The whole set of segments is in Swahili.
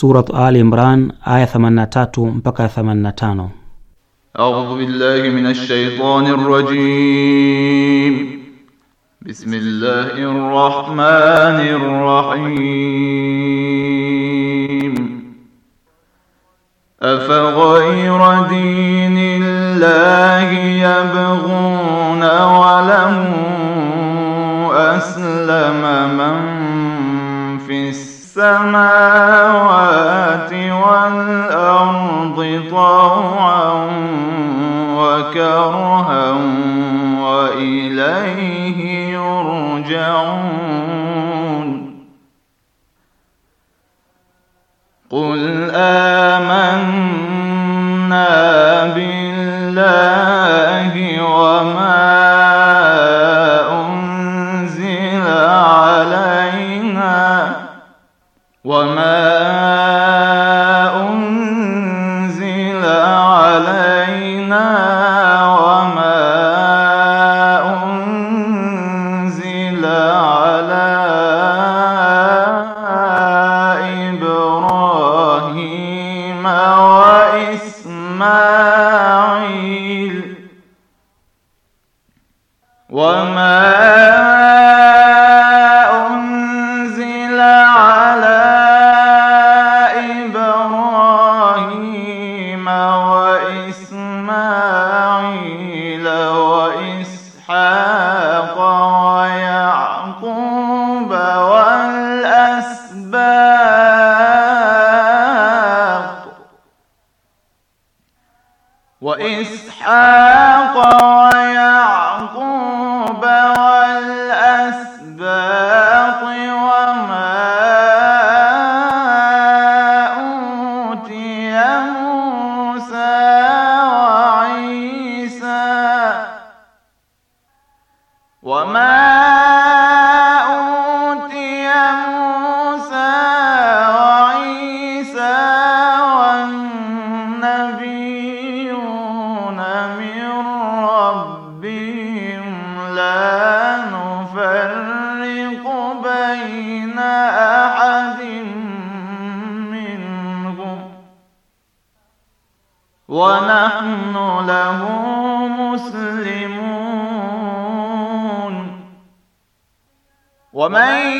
Surat Al Imran aya 83 mpaka 85. أعوذ بالله من الشيطان الرجيم بسم الله الرحمن الرحيم أفغير دين الله يبغون وله أسلم من في السماوات السماوات والأرض طوعا وكرها وإليه يرجعون قل آمنا بالله وما وما ومن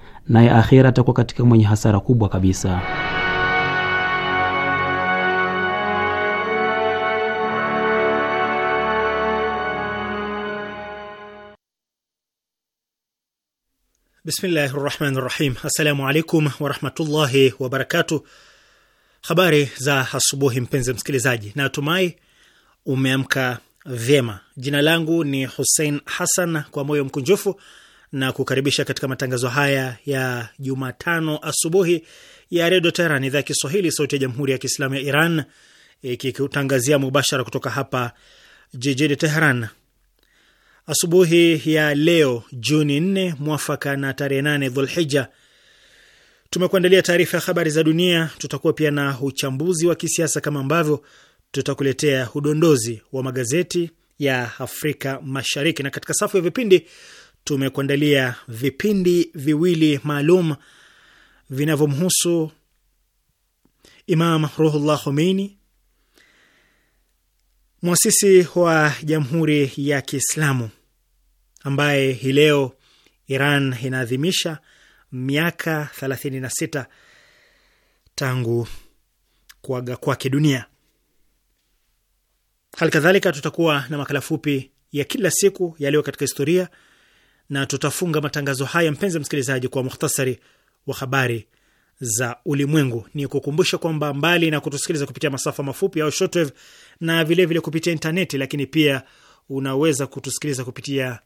naye akhira atakuwa katika mwenye hasara kubwa kabisa. Bismillahi rahmani rahim. Assalamu alaikum warahmatullahi wabarakatu. Habari za asubuhi, mpenzi msikilizaji, natumai umeamka vyema. Jina langu ni husein Hassan, kwa moyo mkunjufu na kukaribisha katika matangazo haya ya Jumatano asubuhi ya Redio Teheran, idhaa ya Kiswahili, sauti ya Jamhuri ya Kiislamu ya Iran, ikikutangazia mubashara kutoka hapa jijini Teheran asubuhi ya leo Juni 4 mwafaka na tarehe 8 Dhulhija. Tumekuandalia taarifa ya habari za dunia, tutakuwa pia na uchambuzi wa kisiasa kama ambavyo tutakuletea udondozi wa magazeti ya Afrika Mashariki, na katika safu ya vipindi tumekuandalia vipindi viwili maalum vinavyomhusu Imam Ruhullah Khomeini, mwasisi wa Jamhuri ya Kiislamu, ambaye hii leo Iran inaadhimisha miaka 36 tangu kuaga kwake dunia. Hali kadhalika tutakuwa na makala fupi ya kila siku yaliyo katika historia na tutafunga matangazo haya, mpenzi msikilizaji, kwa muhtasari wa habari za ulimwengu. Ni kukumbusha kwamba mbali na kutusikiliza kupitia masafa mafupi au shortwave na vilevile vile kupitia intaneti, lakini pia unaweza kutusikiliza kupitia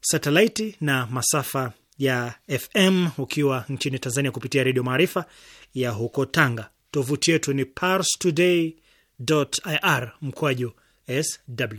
satelaiti na masafa ya FM ukiwa nchini Tanzania kupitia Redio Maarifa ya huko Tanga. Tovuti yetu ni parstoday.ir mkwaju sw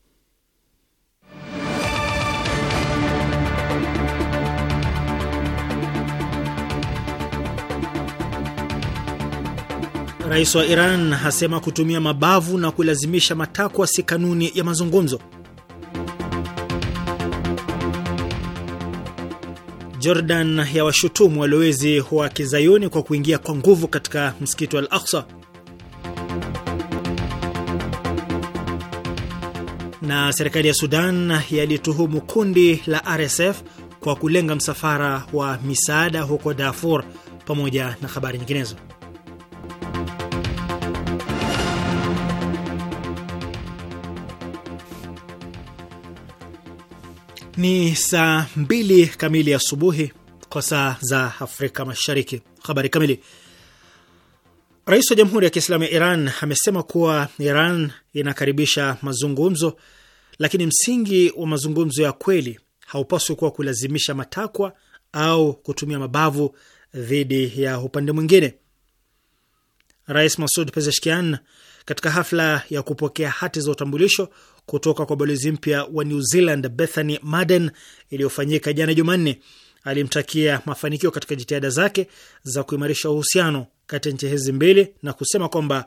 Rais wa Iran hasema kutumia mabavu na kulazimisha matakwa si kanuni ya mazungumzo. Jordan ya washutumu walowezi wa kizayuni kwa kuingia kwa nguvu katika msikiti wa al Na serikali ya Sudan yalituhumu kundi la RSF kwa kulenga msafara wa misaada huko Darfur pamoja na habari nyinginezo. Ni saa mbili kamili asubuhi kwa saa za Afrika Mashariki. Habari kamili. Rais wa Jamhuri ya Kiislamu ya Iran amesema kuwa Iran inakaribisha mazungumzo, lakini msingi wa mazungumzo ya kweli haupaswi kuwa kulazimisha matakwa au kutumia mabavu dhidi ya upande mwingine. Rais Masud Pezeshkian katika hafla ya kupokea hati za utambulisho kutoka kwa balozi mpya wa New Zealand Bethany Madden iliyofanyika jana Jumanne alimtakia mafanikio katika jitihada zake za kuimarisha uhusiano kati ya nchi hizi mbili na kusema kwamba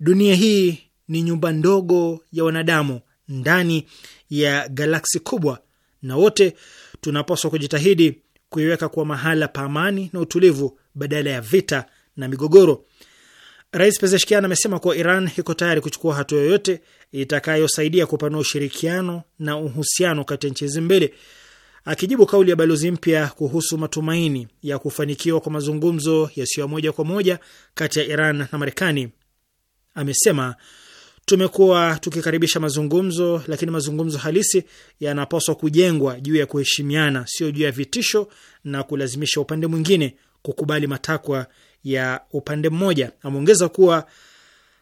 dunia hii ni nyumba ndogo ya wanadamu ndani ya galaksi kubwa, na wote tunapaswa kujitahidi kuiweka kuwa mahala pa amani na utulivu badala ya vita na migogoro. Rais Pezeshkian amesema kuwa Iran iko tayari kuchukua hatua yoyote itakayosaidia kupanua ushirikiano na uhusiano kati ya nchi hizi mbili. Akijibu kauli ya balozi mpya kuhusu matumaini ya kufanikiwa kwa mazungumzo yasiyo ya moja kwa moja kati ya Iran na Marekani, amesema tumekuwa tukikaribisha mazungumzo, lakini mazungumzo halisi yanapaswa kujengwa juu ya kuheshimiana, sio juu ya vitisho na kulazimisha upande mwingine kukubali matakwa ya upande mmoja. Ameongeza kuwa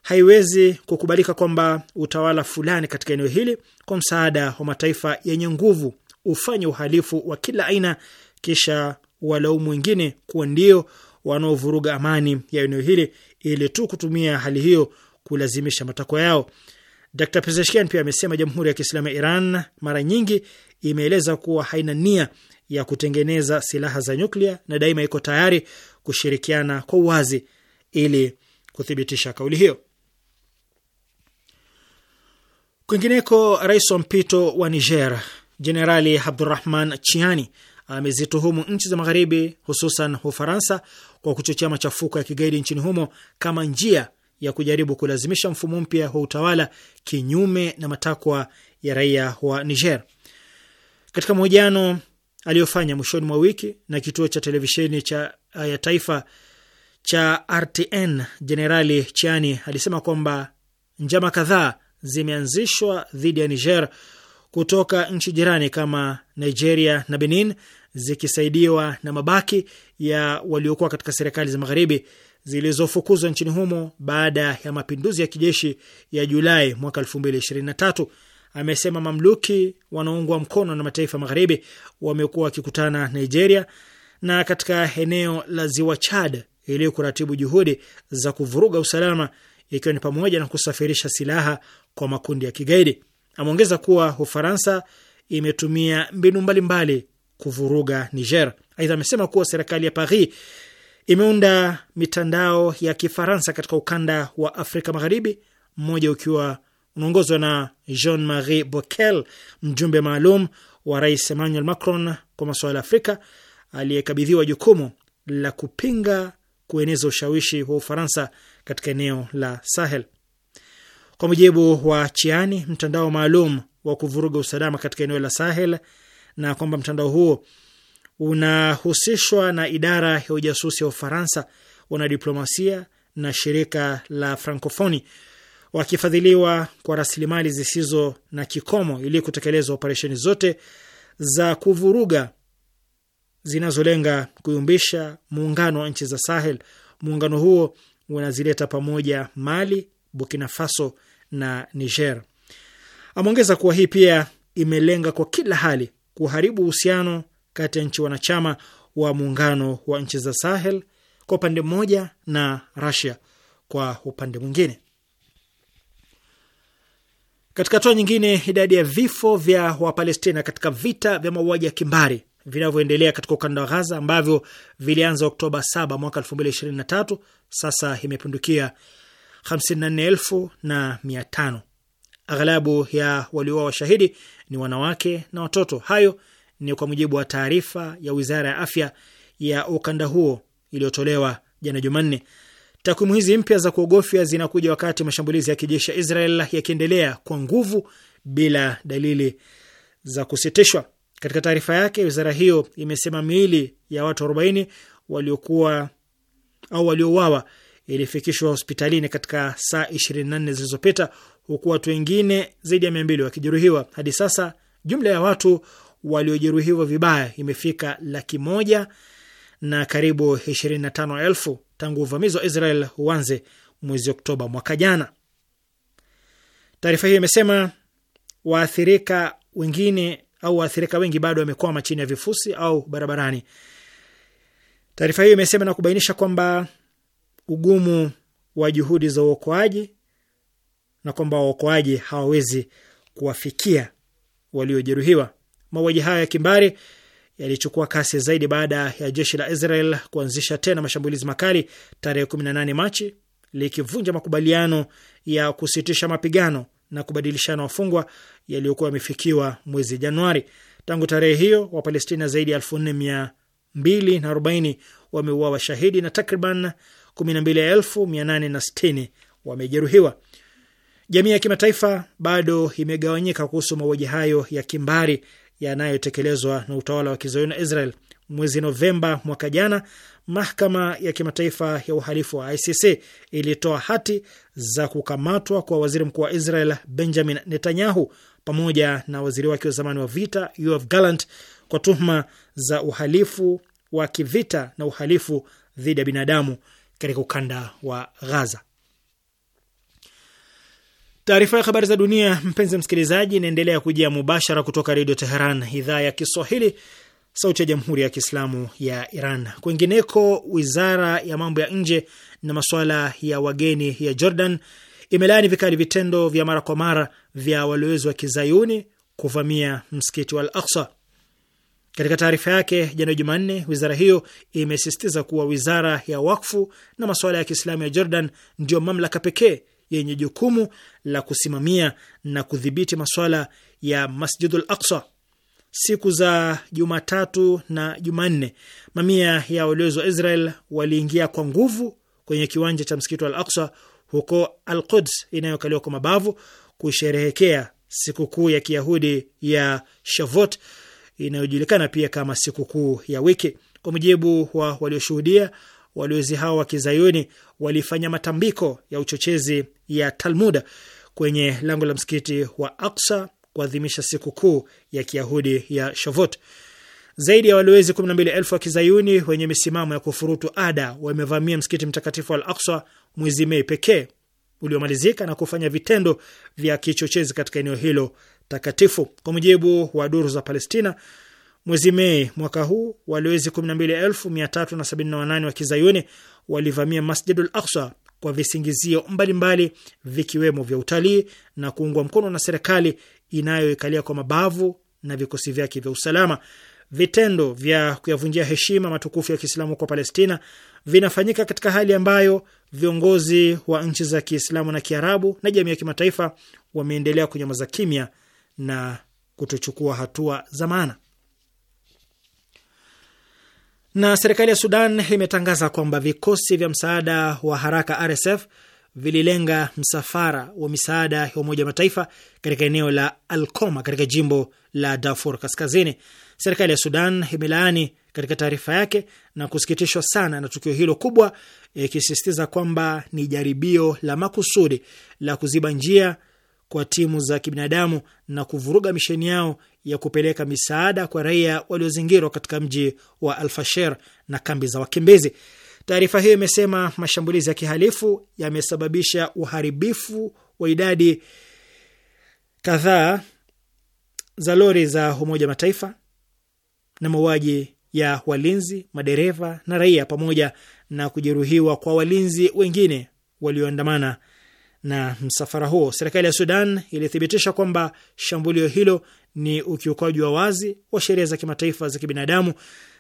haiwezi kukubalika kwamba utawala fulani katika eneo hili kwa msaada wa mataifa yenye nguvu ufanye uhalifu wa kila aina kisha walaumu wengine kuwa ndio wanaovuruga amani ya eneo hili ili tu kutumia hali hiyo kulazimisha matakwa yao. Dr. Pezeshkian pia amesema Jamhuri ya Kiislamu ya Iran mara nyingi imeeleza kuwa haina nia ya kutengeneza silaha za nyuklia na daima iko tayari kushirikiana kwa uwazi ili kuthibitisha kauli hiyo. Kwingineko, rais wa mpito wa Niger Jenerali Abdurahman Chiani amezituhumu nchi za Magharibi, hususan Ufaransa, kwa kuchochea machafuko ya kigaidi nchini humo kama njia ya kujaribu kulazimisha mfumo mpya wa utawala kinyume na matakwa ya raia wa Niger. Katika mahojiano aliyofanya mwishoni mwa wiki na kituo cha televisheni cha eh, ya taifa cha RTN, Jenerali Chiani alisema kwamba njama kadhaa zimeanzishwa dhidi ya Niger kutoka nchi jirani kama Nigeria na Benin, zikisaidiwa na mabaki ya waliokuwa katika serikali za magharibi zilizofukuzwa nchini humo baada ya mapinduzi ya kijeshi ya Julai mwaka 2023 amesema mamluki wanaoungwa mkono na mataifa magharibi wamekuwa wakikutana Nigeria na katika eneo la ziwa Chad ili kuratibu juhudi za kuvuruga usalama, ikiwa ni pamoja na kusafirisha silaha kwa makundi ya kigaidi. Ameongeza kuwa Ufaransa imetumia mbinu mbalimbali mbali kuvuruga Niger. Aidha, amesema kuwa serikali ya Paris imeunda mitandao ya Kifaransa katika ukanda wa Afrika Magharibi, mmoja ukiwa unaongozwa na Jean Marie Bokel, mjumbe maalum wa Rais Emmanuel Macron kwa masuala ya Afrika, aliyekabidhiwa jukumu la kupinga kueneza ushawishi wa Ufaransa katika eneo la Sahel. Kwa mujibu wa Chiani, mtandao maalum wa kuvuruga usalama katika eneo la Sahel, na kwamba mtandao huo unahusishwa na idara ya ujasusi ya Ufaransa, wanadiplomasia na shirika la Frankofoni wakifadhiliwa kwa rasilimali zisizo na kikomo ili kutekeleza operesheni zote za kuvuruga zinazolenga kuyumbisha muungano wa nchi za Sahel. Muungano huo unazileta pamoja Mali, Burkina Faso na Niger. Ameongeza kuwa hii pia imelenga kwa kila hali kuharibu uhusiano kati ya nchi wanachama wa muungano wa nchi za Sahel kwa upande mmoja na rasia kwa upande mwingine. Katika hatua nyingine, idadi ya vifo vya Wapalestina katika vita vya mauaji ya kimbari vinavyoendelea katika ukanda wa Ghaza ambavyo vilianza Oktoba 7 mwaka 2023 sasa imepindukia 54,500. Aghalabu ya walioa washahidi ni wanawake na watoto. Hayo ni kwa mujibu wa taarifa ya wizara ya afya ya ukanda huo iliyotolewa jana Jumanne. Takwimu hizi mpya za kuogofya zinakuja wakati mashambulizi ya kijeshi ya Israel yakiendelea kwa nguvu bila dalili za kusitishwa. Katika taarifa yake, wizara hiyo imesema miili ya watu 40 waliokuwa au waliouawa ilifikishwa hospitalini katika saa 24 zilizopita, huku watu wengine zaidi ya 200 wakijeruhiwa. Hadi sasa jumla ya watu waliojeruhiwa vibaya imefika laki moja na karibu 25 elfu tangu uvamizi wa Israel uanze mwezi Oktoba mwaka jana. Taarifa hiyo imesema waathirika wengine au waathirika wengi bado wamekwama chini ya vifusi au barabarani. Taarifa hiyo imesema na kubainisha kwamba ugumu wa juhudi za uokoaji na kwamba waokoaji hawawezi kuwafikia waliojeruhiwa. Mauaji hayo ya kimbari yalichukua kasi zaidi baada ya jeshi la Israel kuanzisha tena mashambulizi makali tarehe 18 Machi, likivunja makubaliano ya kusitisha mapigano na kubadilishana wafungwa yaliyokuwa yamefikiwa mwezi Januari. Tangu tarehe hiyo, Wapalestina zaidi ya 4240 wameuawa washahidi na takriban 12860 wamejeruhiwa. Jamii ya kimataifa bado imegawanyika kuhusu mauaji hayo ya kimbari yanayotekelezwa na utawala wa kizayuni Israel. Mwezi Novemba mwaka jana, mahakama ya kimataifa ya uhalifu wa ICC ilitoa hati za kukamatwa kwa waziri mkuu wa Israel Benjamin Netanyahu pamoja na waziri wake wa zamani wa vita Yoav Gallant kwa tuhuma za uhalifu wa kivita na uhalifu dhidi ya binadamu katika ukanda wa Gaza. Taarifa ya habari za dunia, mpenzi msikilizaji, inaendelea kujia mubashara kutoka Redio Teheran, idhaa ya Kiswahili, sauti ya Jamhuri ya Kiislamu ya Iran. Kwingineko, wizara ya mambo ya nje na masuala ya wageni ya Jordan imelaani vikali vitendo vya mara kwa mara vya walowezi wa kizayuni kuvamia msikiti wa Al Aksa. Katika taarifa yake jana Jumanne, wizara hiyo imesisitiza kuwa wizara ya wakfu na masuala ya Kiislamu ya Jordan ndiyo mamlaka pekee yenye jukumu la kusimamia na kudhibiti masuala ya Masjidul Aqsa. Siku za Jumatatu na Jumanne, mamia ya walowezi wa Israel waliingia kwa nguvu kwenye kiwanja cha msikiti wa Al Aqsa huko Al Quds inayokaliwa kwa mabavu kusherehekea sikukuu ya Kiyahudi ya Shavot inayojulikana pia kama sikukuu ya wiki. Kwa mujibu wa walioshuhudia, walowezi hao wa kizayuni walifanya matambiko ya uchochezi ya Talmud kwenye lango la msikiti wa Aksa kuadhimisha siku kuu ya kiyahudi ya Shavot. Zaidi ya walowezi 12,000 wa kizayuni wenye misimamo ya kufurutu ada wamevamia msikiti mtakatifu wa Al Aksa mwezi Mei pekee uliomalizika na kufanya vitendo vya kichochezi katika eneo hilo takatifu. Kwa mujibu wa duru za Palestina, Mwezi Mei mwaka huu walowezi 12378 wa kizayuni walivamia Masjidul Aqsa kwa visingizio mbalimbali vikiwemo vya utalii na kuungwa mkono na serikali inayoikalia kwa mabavu na vikosi vyake vya usalama. Vitendo vya kuyavunjia heshima matukufu ya Kiislamu kwa Palestina vinafanyika katika hali ambayo viongozi wa nchi za Kiislamu na Kiarabu na jamii ya kimataifa wameendelea kunyamaza kimya na kutochukua hatua za maana. Na serikali ya Sudan imetangaza kwamba vikosi vya msaada wa haraka RSF vililenga msafara wa misaada ya Umoja wa Mataifa katika eneo la Alkoma katika jimbo la Darfur Kaskazini. Serikali ya Sudan imelaani katika taarifa yake na kusikitishwa sana na tukio hilo kubwa, ikisisitiza kwamba ni jaribio la makusudi la kuziba njia kwa timu za kibinadamu na kuvuruga misheni yao ya kupeleka misaada kwa raia waliozingirwa katika mji wa Alfasher na kambi za wakimbizi. Taarifa hiyo imesema mashambulizi ya kihalifu yamesababisha uharibifu wa idadi kadhaa za lori za Umoja Mataifa na mauaji ya walinzi, madereva na raia, pamoja na kujeruhiwa kwa walinzi wengine walioandamana na msafara huo. Serikali ya Sudan ilithibitisha kwamba shambulio hilo ni ukiukaji wa wazi wa sheria za kimataifa za kibinadamu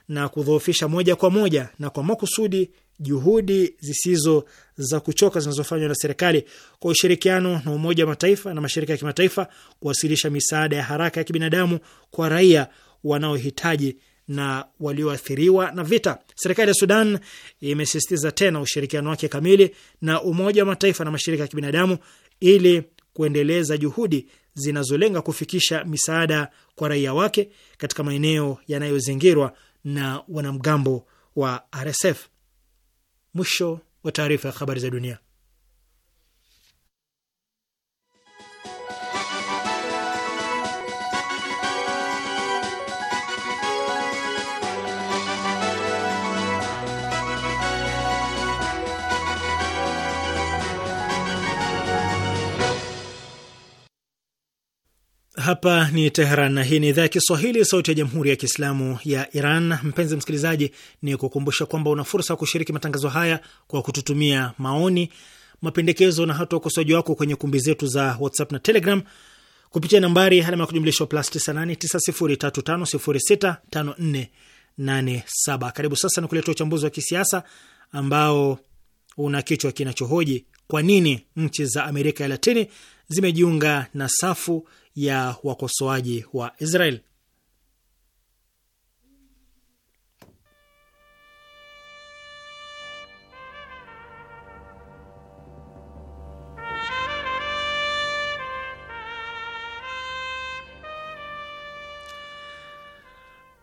na kudhoofisha moja kwa moja na kwa makusudi juhudi zisizo za kuchoka zinazofanywa na serikali kwa ushirikiano na Umoja wa Mataifa na mashirika ya kimataifa kuwasilisha misaada ya haraka ya kibinadamu kwa raia wanaohitaji na walioathiriwa na vita. Serikali ya Sudan imesisitiza tena ushirikiano wake kamili na Umoja wa Mataifa na mashirika ya kibinadamu ili kuendeleza juhudi zinazolenga kufikisha misaada kwa raia wake katika maeneo yanayozingirwa na wanamgambo wa RSF. Mwisho wa taarifa ya habari za dunia. Hapa ni Teheran na hii ni idhaa ya Kiswahili, sauti ya jamhuri ya kiislamu ya Iran. Mpenzi msikilizaji, ni kukumbusha kwamba una fursa ya kushiriki matangazo haya kwa kututumia maoni, mapendekezo na hata ukosoaji wako kwenye kumbi zetu za WhatsApp na Telegram kupitia nambari alama ya kujumlisha plus 989035065487. Karibu sasa ni kuletea uchambuzi wa kisiasa ambao una kichwa kinachohoji kwa nini nchi za Amerika ya Latini zimejiunga na safu ya wakosoaji wa Israel.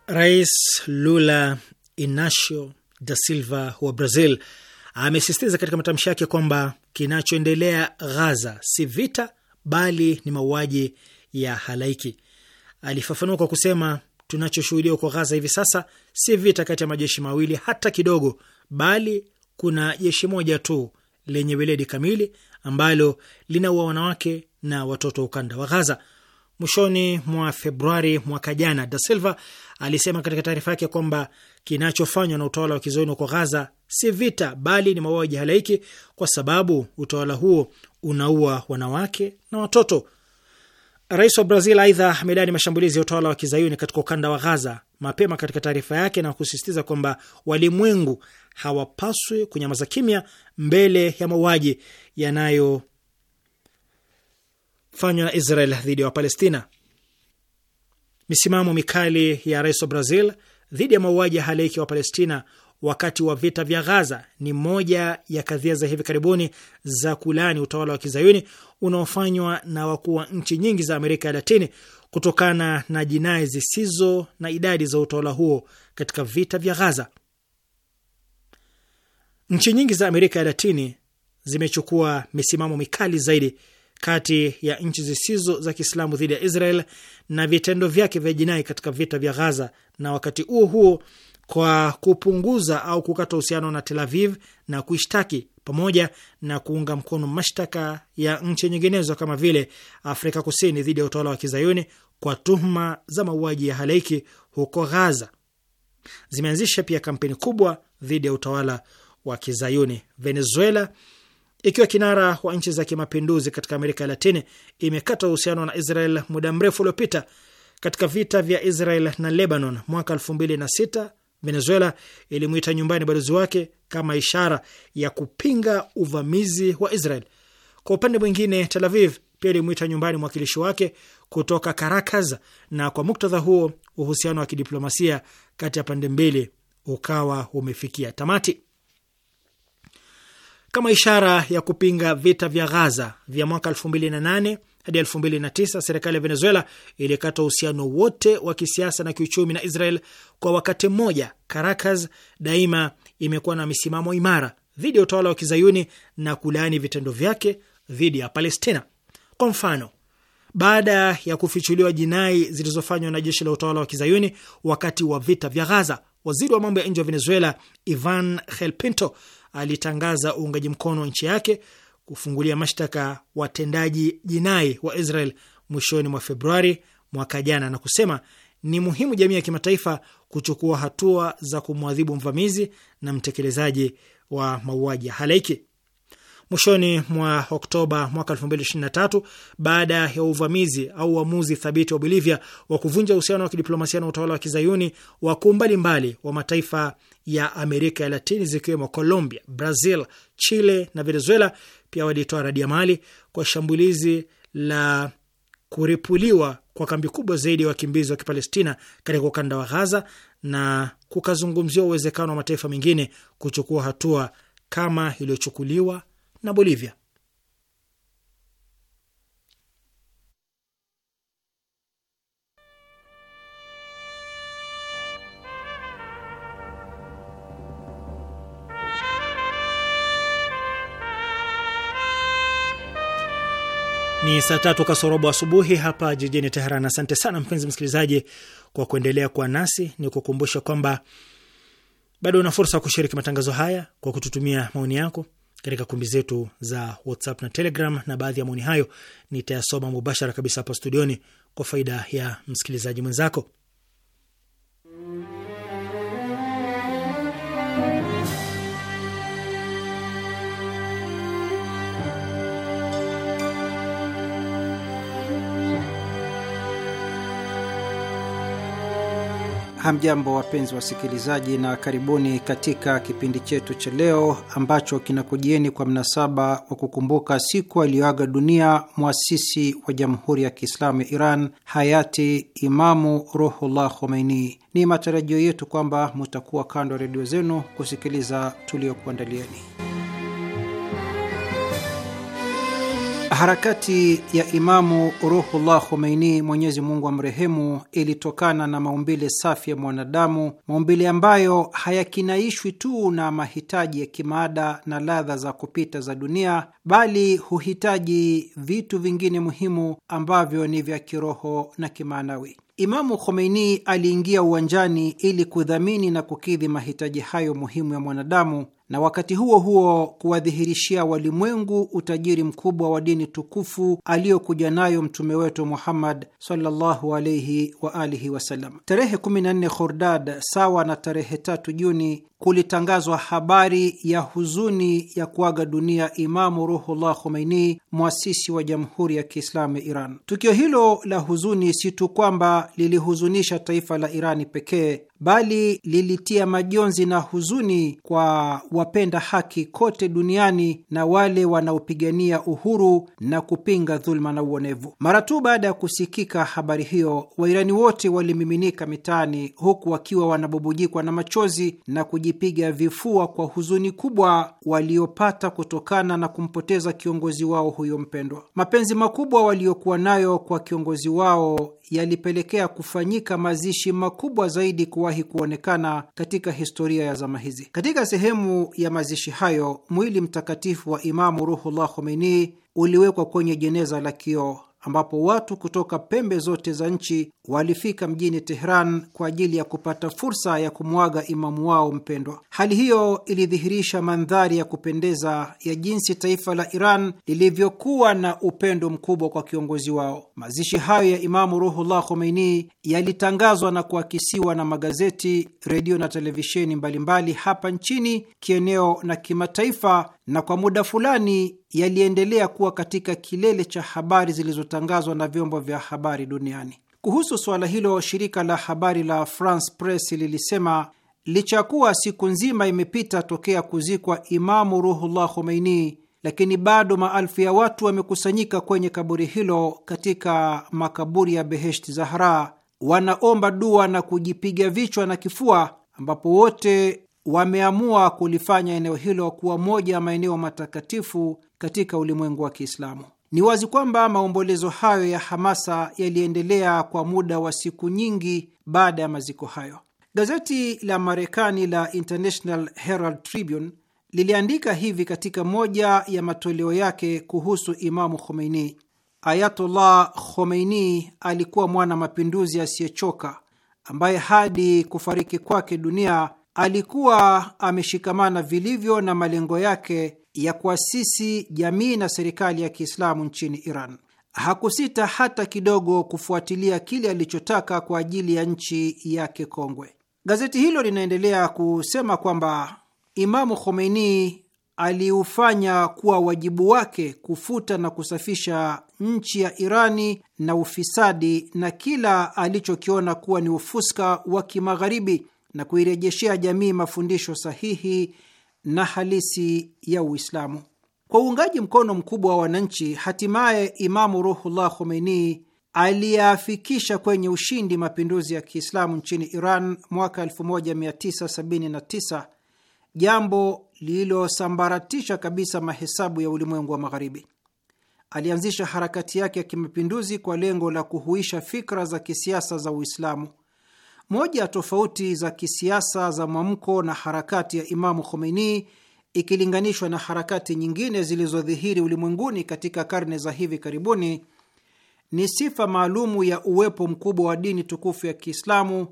Rais Lula Inacio da Silva wa Brazil amesisitiza katika matamshi yake kwamba kinachoendelea Ghaza si vita bali ni mauaji ya halaiki. Alifafanua kwa kusema, tunachoshuhudia huko Ghaza hivi sasa si vita kati ya majeshi mawili hata kidogo, bali kuna jeshi moja tu lenye weledi kamili ambalo linaua wanawake na watoto wa ukanda wa Ghaza. Mwishoni mwa Februari mwaka jana, Da Silva alisema katika taarifa yake kwamba kinachofanywa na utawala wa kizoni huko Ghaza si vita bali ni mauaji halaiki, kwa sababu utawala huo unaua wanawake na watoto. Rais wa Brazil aidha amedani mashambulizi ya utawala wa kizayuni katika ukanda wa Ghaza mapema katika taarifa yake na kusisitiza kwamba walimwengu hawapaswi kunyamaza kimya mbele ya mauaji yanayofanywa na Israel dhidi ya Wapalestina. Misimamo mikali ya rais wa Brazil dhidi ya mauaji ya halaiki wa wapalestina wakati wa vita vya Ghaza ni moja ya kadhia za hivi karibuni za kulani utawala wa kizayuni unaofanywa na wakuu wa nchi nyingi za Amerika ya Latini kutokana na jinai zisizo na idadi za utawala huo katika vita vya Ghaza. Nchi nyingi za Amerika ya Latini zimechukua misimamo mikali zaidi kati ya nchi zisizo za Kiislamu dhidi ya Israel na vitendo vyake vya jinai katika vita vya Ghaza, na wakati huo huo kwa kupunguza au kukata uhusiano na Tel Aviv na kuishtaki pamoja na kuunga mkono mashtaka ya nchi nyinginezo kama vile Afrika Kusini dhidi ya utawala wa kizayuni kwa tuhuma za mauaji ya halaiki huko Ghaza. Zimeanzisha pia kampeni kubwa dhidi ya utawala wa kizayuni. Venezuela ikiwa kinara wa nchi za kimapinduzi katika Amerika ya Latini imekata uhusiano na Israel muda mrefu uliopita. Katika vita vya Israel na Lebanon mwaka elfu mbili na sita Venezuela ilimwita nyumbani balozi wake kama ishara ya kupinga uvamizi wa Israel. Kwa upande mwingine, Tel Aviv pia ilimwita nyumbani mwakilishi wake kutoka Caracas, na kwa muktadha huo uhusiano wa kidiplomasia kati ya pande mbili ukawa umefikia tamati. Kama ishara ya kupinga vita vya Ghaza vya mwaka elfu mbili na nane hadi 2009 serikali ya Venezuela ilikata uhusiano wote wa kisiasa na kiuchumi na Israel kwa wakati mmoja. Caracas daima imekuwa na misimamo imara dhidi ya utawala wa kizayuni na kulaani vitendo vyake dhidi ya Palestina. Kwa mfano, baada ya kufichuliwa jinai zilizofanywa na jeshi la utawala wa kizayuni wakati wa vita vya Ghaza, waziri wa mambo ya nje wa Venezuela Ivan Helpinto alitangaza uungaji mkono wa nchi yake kufungulia mashtaka watendaji jinai wa Israel mwishoni mwa Februari mwaka jana, na kusema ni muhimu jamii ya kimataifa kuchukua hatua za kumwadhibu mvamizi na mtekelezaji wa mauaji ya halaiki. Mwishoni mwa Oktoba mwaka 2023 baada ya uvamizi au uamuzi thabiti wa Bolivia wa kuvunja uhusiano wa kidiplomasia na utawala wa kizayuni, wakuu mbalimbali wa mataifa ya Amerika ya Latini zikiwemo Colombia, Brazil, Chile na Venezuela pia walitoa radi ya mali kwa shambulizi la kuripuliwa kwa kambi kubwa zaidi ya wakimbizi wa Kipalestina katika ukanda wa Ghaza na kukazungumziwa uwezekano wa mataifa mengine kuchukua hatua kama iliyochukuliwa na Bolivia. Ni saa tatu kasorobo asubuhi hapa jijini Teheran. Asante sana mpenzi msikilizaji kwa kuendelea kuwa nasi. Ni kukumbusha kwamba bado una fursa ya kushiriki matangazo haya kwa kututumia maoni yako katika kumbi zetu za WhatsApp na Telegram, na baadhi ya maoni hayo nitayasoma mubashara kabisa hapa studioni kwa faida ya msikilizaji mwenzako. Hamjambo, wapenzi wasikilizaji, na karibuni katika kipindi chetu cha leo ambacho kinakujieni kwa mnasaba wa kukumbuka siku aliyoaga dunia mwasisi wa Jamhuri ya Kiislamu ya Iran, hayati Imamu Ruhullah Khomeini. Ni matarajio yetu kwamba mutakuwa kando ya redio zenu kusikiliza tuliokuandalieni. Harakati ya Imamu Ruhullah Khomeini, Mwenyezi Mungu amrehemu, ilitokana na maumbile safi ya mwanadamu, maumbile ambayo hayakinaishwi tu na mahitaji ya kimaada na ladha za kupita za dunia, bali huhitaji vitu vingine muhimu ambavyo ni vya kiroho na kimaanawi. Imamu Khomeini aliingia uwanjani ili kudhamini na kukidhi mahitaji hayo muhimu ya mwanadamu na wakati huo huo kuwadhihirishia walimwengu utajiri mkubwa wa dini tukufu aliyokuja nayo mtume wetu Muhammad sallallahu alaihi wa alihi wasallam. Tarehe 14 Khordad sawa na tarehe tatu Juni kulitangazwa habari ya huzuni ya kuaga dunia Imamu Ruhullah Khomeini, mwasisi wa Jamhuri ya Kiislamu ya Iran. Tukio hilo la huzuni si tu kwamba lilihuzunisha taifa la Irani pekee bali lilitia majonzi na huzuni kwa wapenda haki kote duniani na wale wanaopigania uhuru na kupinga dhuluma na uonevu. Mara tu baada ya kusikika habari hiyo, Wairani wote walimiminika mitaani, huku wakiwa wanabubujikwa na machozi na kujipiga vifua kwa huzuni kubwa waliopata kutokana na kumpoteza kiongozi wao huyo mpendwa. Mapenzi makubwa waliokuwa nayo kwa kiongozi wao yalipelekea kufanyika mazishi makubwa zaidi kuwahi kuonekana katika historia ya zama hizi. Katika sehemu ya mazishi hayo, mwili mtakatifu wa Imamu Ruhullah Khomeini uliwekwa kwenye jeneza la kioo ambapo watu kutoka pembe zote za nchi walifika mjini Tehran kwa ajili ya kupata fursa ya kumwaga imamu wao mpendwa. Hali hiyo ilidhihirisha mandhari ya kupendeza ya jinsi taifa la Iran lilivyokuwa na upendo mkubwa kwa kiongozi wao. Mazishi hayo ya Imamu Ruhullah Khomeini yalitangazwa na kuakisiwa na magazeti, redio na televisheni mbalimbali hapa nchini, kieneo na kimataifa na kwa muda fulani yaliendelea kuwa katika kilele cha habari zilizotangazwa na vyombo vya habari duniani. Kuhusu suala hilo, shirika la habari la France Press lilisema licha ya kuwa siku nzima imepita tokea kuzikwa Imamu Ruhullah Khomeini, lakini bado maelfu ya watu wamekusanyika kwenye kaburi hilo katika makaburi ya Beheshti Zahra, wanaomba dua na kujipiga vichwa na kifua, ambapo wote wameamua kulifanya eneo hilo kuwa moja ya maeneo matakatifu katika ulimwengu wa Kiislamu. Ni wazi kwamba maombolezo hayo ya hamasa yaliendelea kwa muda wa siku nyingi baada ya maziko hayo. Gazeti la Marekani la International Herald Tribune liliandika hivi katika moja ya matoleo yake kuhusu Imamu Khomeini: Ayatullah Khomeini alikuwa mwana mapinduzi asiyechoka ambaye hadi kufariki kwake dunia alikuwa ameshikamana vilivyo na malengo yake ya kuasisi jamii na serikali ya Kiislamu nchini Iran. Hakusita hata kidogo kufuatilia kile alichotaka kwa ajili ya nchi yake kongwe. Gazeti hilo linaendelea kusema kwamba Imamu Khomeini aliufanya kuwa wajibu wake kufuta na kusafisha nchi ya Irani na ufisadi na kila alichokiona kuwa ni ufuska wa kimagharibi na kuirejeshea jamii mafundisho sahihi na halisi ya Uislamu. Kwa uungaji mkono mkubwa wa wananchi, hatimaye Imamu Ruhullah Khomeini aliyeafikisha kwenye ushindi mapinduzi ya Kiislamu nchini Iran mwaka 1979, jambo lililosambaratisha kabisa mahesabu ya ulimwengu wa Magharibi. Alianzisha harakati yake ya kimapinduzi kwa lengo la kuhuisha fikra za kisiasa za Uislamu moja ya tofauti za kisiasa za mwamko na harakati ya Imamu Khomeini ikilinganishwa na harakati nyingine zilizodhihiri ulimwenguni katika karne za hivi karibuni ni sifa maalumu ya uwepo mkubwa wa dini tukufu ya Kiislamu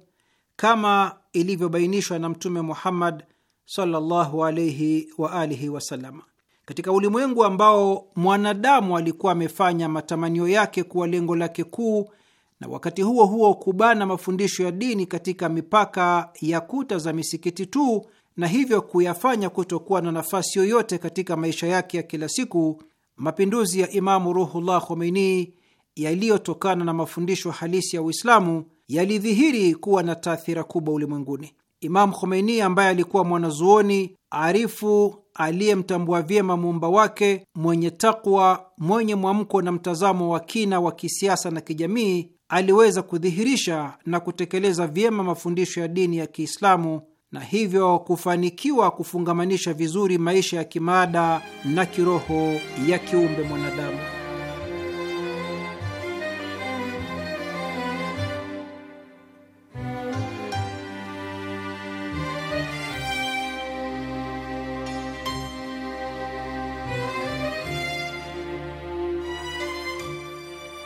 kama ilivyobainishwa na Mtume Muhammad sallallahu alaihi wa alihi wasallam. Katika ulimwengu ambao mwanadamu alikuwa amefanya matamanio yake kuwa lengo lake kuu na wakati huo huo kubana mafundisho ya dini katika mipaka ya kuta za misikiti tu na hivyo kuyafanya kutokuwa na nafasi yoyote katika maisha yake ya kila siku. Mapinduzi ya Imamu Ruhullah Khomeini yaliyotokana na mafundisho halisi ya Uislamu yalidhihiri kuwa na taathira kubwa ulimwenguni. Imamu Khomeini ambaye alikuwa mwanazuoni arifu aliyemtambua vyema muumba wake, mwenye takwa, mwenye mwamko na mtazamo wa kina wa kisiasa na kijamii, aliweza kudhihirisha na kutekeleza vyema mafundisho ya dini ya Kiislamu na hivyo kufanikiwa kufungamanisha vizuri maisha ya kimaada na kiroho ya kiumbe mwanadamu.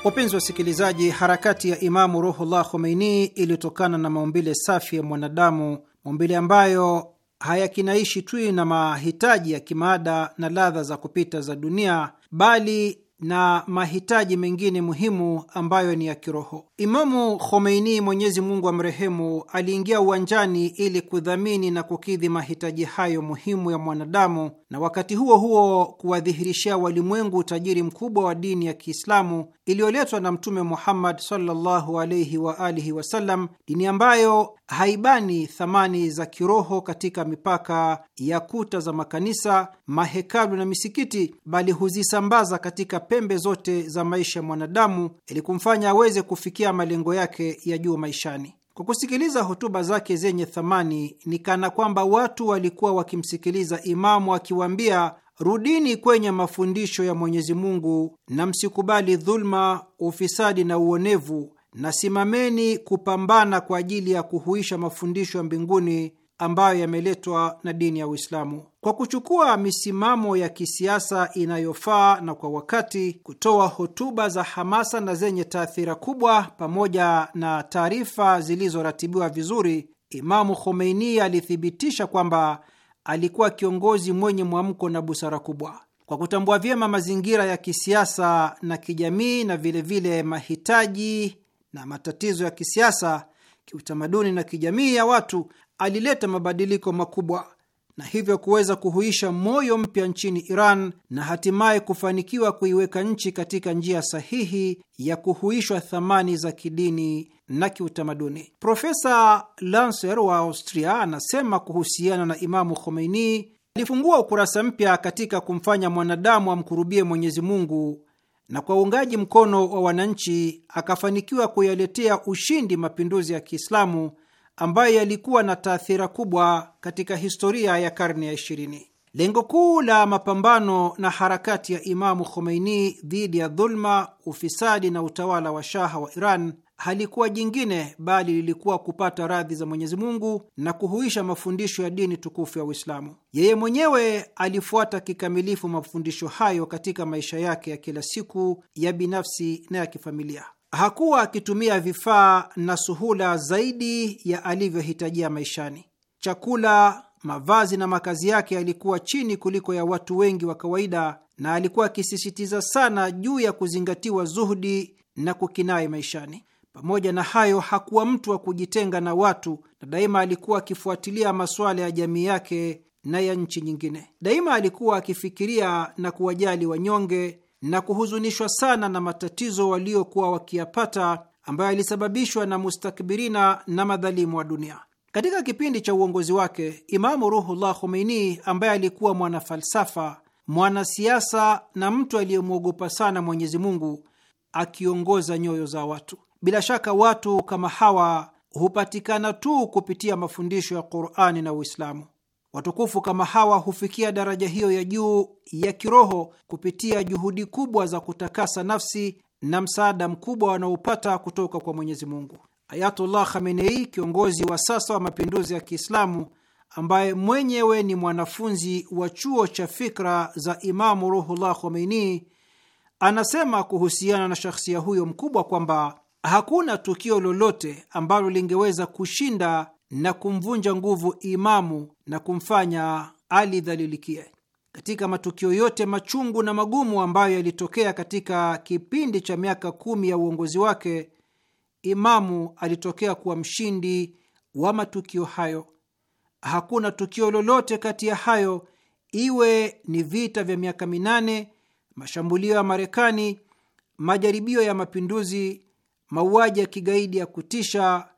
Wapenzi wasikilizaji, harakati ya Imamu Ruhullah Khomeini ilitokana na maumbile safi ya mwanadamu, maumbile ambayo hayakinaishi tu na mahitaji ya kimaada na ladha za kupita za dunia, bali na mahitaji mengine muhimu ambayo ni ya kiroho. Imamu Khomeini, Mwenyezi Mungu amrehemu, aliingia uwanjani ili kudhamini na kukidhi mahitaji hayo muhimu ya mwanadamu, na wakati huo huo kuwadhihirishia walimwengu utajiri mkubwa wa dini ya Kiislamu iliyoletwa na Mtume Muhammad sallallahu alaihi wa alihi wasallam, dini ambayo haibani thamani za kiroho katika mipaka ya kuta za makanisa, mahekalu na misikiti, bali huzisambaza katika pembe zote za maisha ya mwanadamu ili kumfanya aweze kufikia malengo yake ya juu maishani. Kwa kusikiliza hotuba zake zenye thamani, ni kana kwamba watu walikuwa wakimsikiliza imamu akiwaambia, rudini kwenye mafundisho ya Mwenyezi Mungu na msikubali dhuluma, ufisadi na uonevu, na simameni kupambana kwa ajili ya kuhuisha mafundisho ya mbinguni ambayo yameletwa na dini ya Uislamu kwa kuchukua misimamo ya kisiasa inayofaa na kwa wakati, kutoa hotuba za hamasa na zenye taathira kubwa, pamoja na taarifa zilizoratibiwa vizuri. Imamu Khomeini alithibitisha kwamba alikuwa kiongozi mwenye mwamko na busara kubwa. Kwa kutambua vyema mazingira ya kisiasa na kijamii na vilevile vile mahitaji na matatizo ya kisiasa, kiutamaduni na kijamii ya watu, alileta mabadiliko makubwa na hivyo kuweza kuhuisha moyo mpya nchini Iran na hatimaye kufanikiwa kuiweka nchi katika njia sahihi ya kuhuishwa thamani za kidini na kiutamaduni. Profesa Lancer wa Austria anasema kuhusiana na Imamu Khomeini, alifungua ukurasa mpya katika kumfanya mwanadamu amkurubie Mwenyezi Mungu, na kwa uungaji mkono wa wananchi akafanikiwa kuyaletea ushindi mapinduzi ya Kiislamu ambayo yalikuwa na taathira kubwa katika historia ya karne ya ishirini. Lengo kuu la mapambano na harakati ya Imamu Khomeini dhidi ya dhulma, ufisadi na utawala wa shaha wa Iran halikuwa jingine bali lilikuwa kupata radhi za Mwenyezi Mungu na kuhuisha mafundisho ya dini tukufu ya Uislamu. Yeye mwenyewe alifuata kikamilifu mafundisho hayo katika maisha yake ya kila siku ya binafsi na ya kifamilia hakuwa akitumia vifaa na suhula zaidi ya alivyohitajia maishani. Chakula, mavazi na makazi yake yalikuwa chini kuliko ya watu wengi wa kawaida, na alikuwa akisisitiza sana juu ya kuzingatiwa zuhudi na kukinai maishani. Pamoja na hayo, hakuwa mtu wa kujitenga na watu, na daima alikuwa akifuatilia masuala ya jamii yake na ya nchi nyingine. Daima alikuwa akifikiria na kuwajali wanyonge na kuhuzunishwa sana na matatizo waliokuwa wakiyapata ambayo yalisababishwa na mustakbirina na madhalimu wa dunia. Katika kipindi cha uongozi wake, Imamu Ruhullah Khomeini, ambaye alikuwa mwanafalsafa, mwanasiasa na mtu aliyemwogopa sana Mwenyezi Mungu, akiongoza nyoyo za watu. Bila shaka watu kama hawa hupatikana tu kupitia mafundisho ya Qurani na Uislamu. Watukufu kama hawa hufikia daraja hiyo ya juu ya kiroho kupitia juhudi kubwa za kutakasa nafsi na msaada mkubwa wanaopata kutoka kwa Mwenyezi Mungu. Ayatullah Khamenei, kiongozi wa sasa wa mapinduzi ya Kiislamu, ambaye mwenyewe ni mwanafunzi wa chuo cha fikra za Imamu Ruhullah Khomeini, anasema kuhusiana na shakhsia huyo mkubwa kwamba hakuna tukio lolote ambalo lingeweza kushinda na kumvunja nguvu imamu na kumfanya alidhalilikie. Katika matukio yote machungu na magumu ambayo yalitokea katika kipindi cha miaka kumi ya uongozi wake, imamu alitokea kuwa mshindi wa matukio hayo. Hakuna tukio lolote kati ya hayo, iwe ni vita vya miaka minane, mashambulio ya Marekani, majaribio ya mapinduzi, mauaji ya kigaidi ya kutisha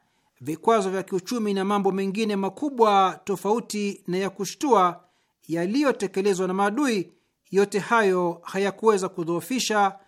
vikwazo vya kiuchumi na mambo mengine makubwa tofauti na ya kushtua yaliyotekelezwa na maadui, yote hayo hayakuweza kudhoofisha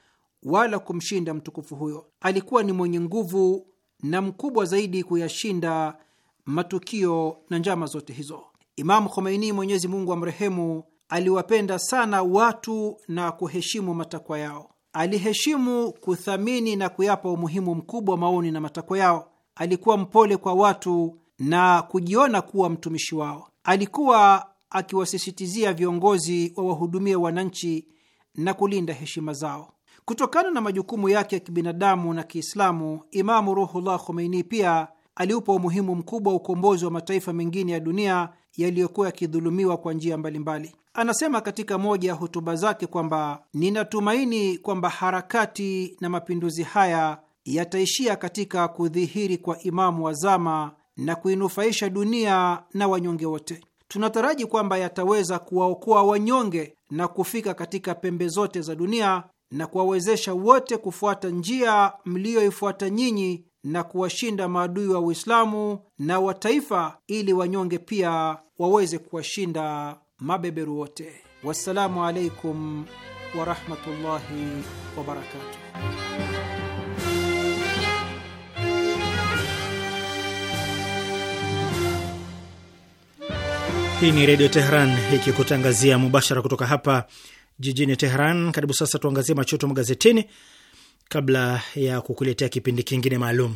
wala kumshinda mtukufu huyo. Alikuwa ni mwenye nguvu na mkubwa zaidi kuyashinda matukio na njama zote hizo. Imamu Khomeini, Mwenyezi Mungu amrehemu, aliwapenda sana watu na kuheshimu matakwa yao. Aliheshimu, kuthamini na kuyapa umuhimu mkubwa maoni na matakwa yao alikuwa mpole kwa watu na kujiona kuwa mtumishi wao. Alikuwa akiwasisitizia viongozi wa wahudumia wananchi na kulinda heshima zao. Kutokana na majukumu yake ya kibinadamu na Kiislamu, Imamu Ruhullah Khomeini pia aliupa umuhimu mkubwa wa ukombozi wa mataifa mengine ya dunia yaliyokuwa yakidhulumiwa kwa njia mbalimbali. Anasema katika moja ya hotuba zake kwamba ninatumaini kwamba harakati na mapinduzi haya yataishia katika kudhihiri kwa Imamu wa zama na kuinufaisha dunia na wanyonge wote. Tunataraji kwamba yataweza kuwaokoa wanyonge na kufika katika pembe zote za dunia na kuwawezesha wote kufuata njia mliyoifuata nyinyi na kuwashinda maadui wa Uislamu na wataifa ili wanyonge pia waweze kuwashinda mabeberu wote. Wassalamu alaikum warahmatullahi wabarakatuh. Hii ni Redio teheran ikikutangazia mubashara kutoka hapa jijini teheran Karibu sasa tuangazie machoto magazetini kabla ya kukuletea kipindi kingine maalum.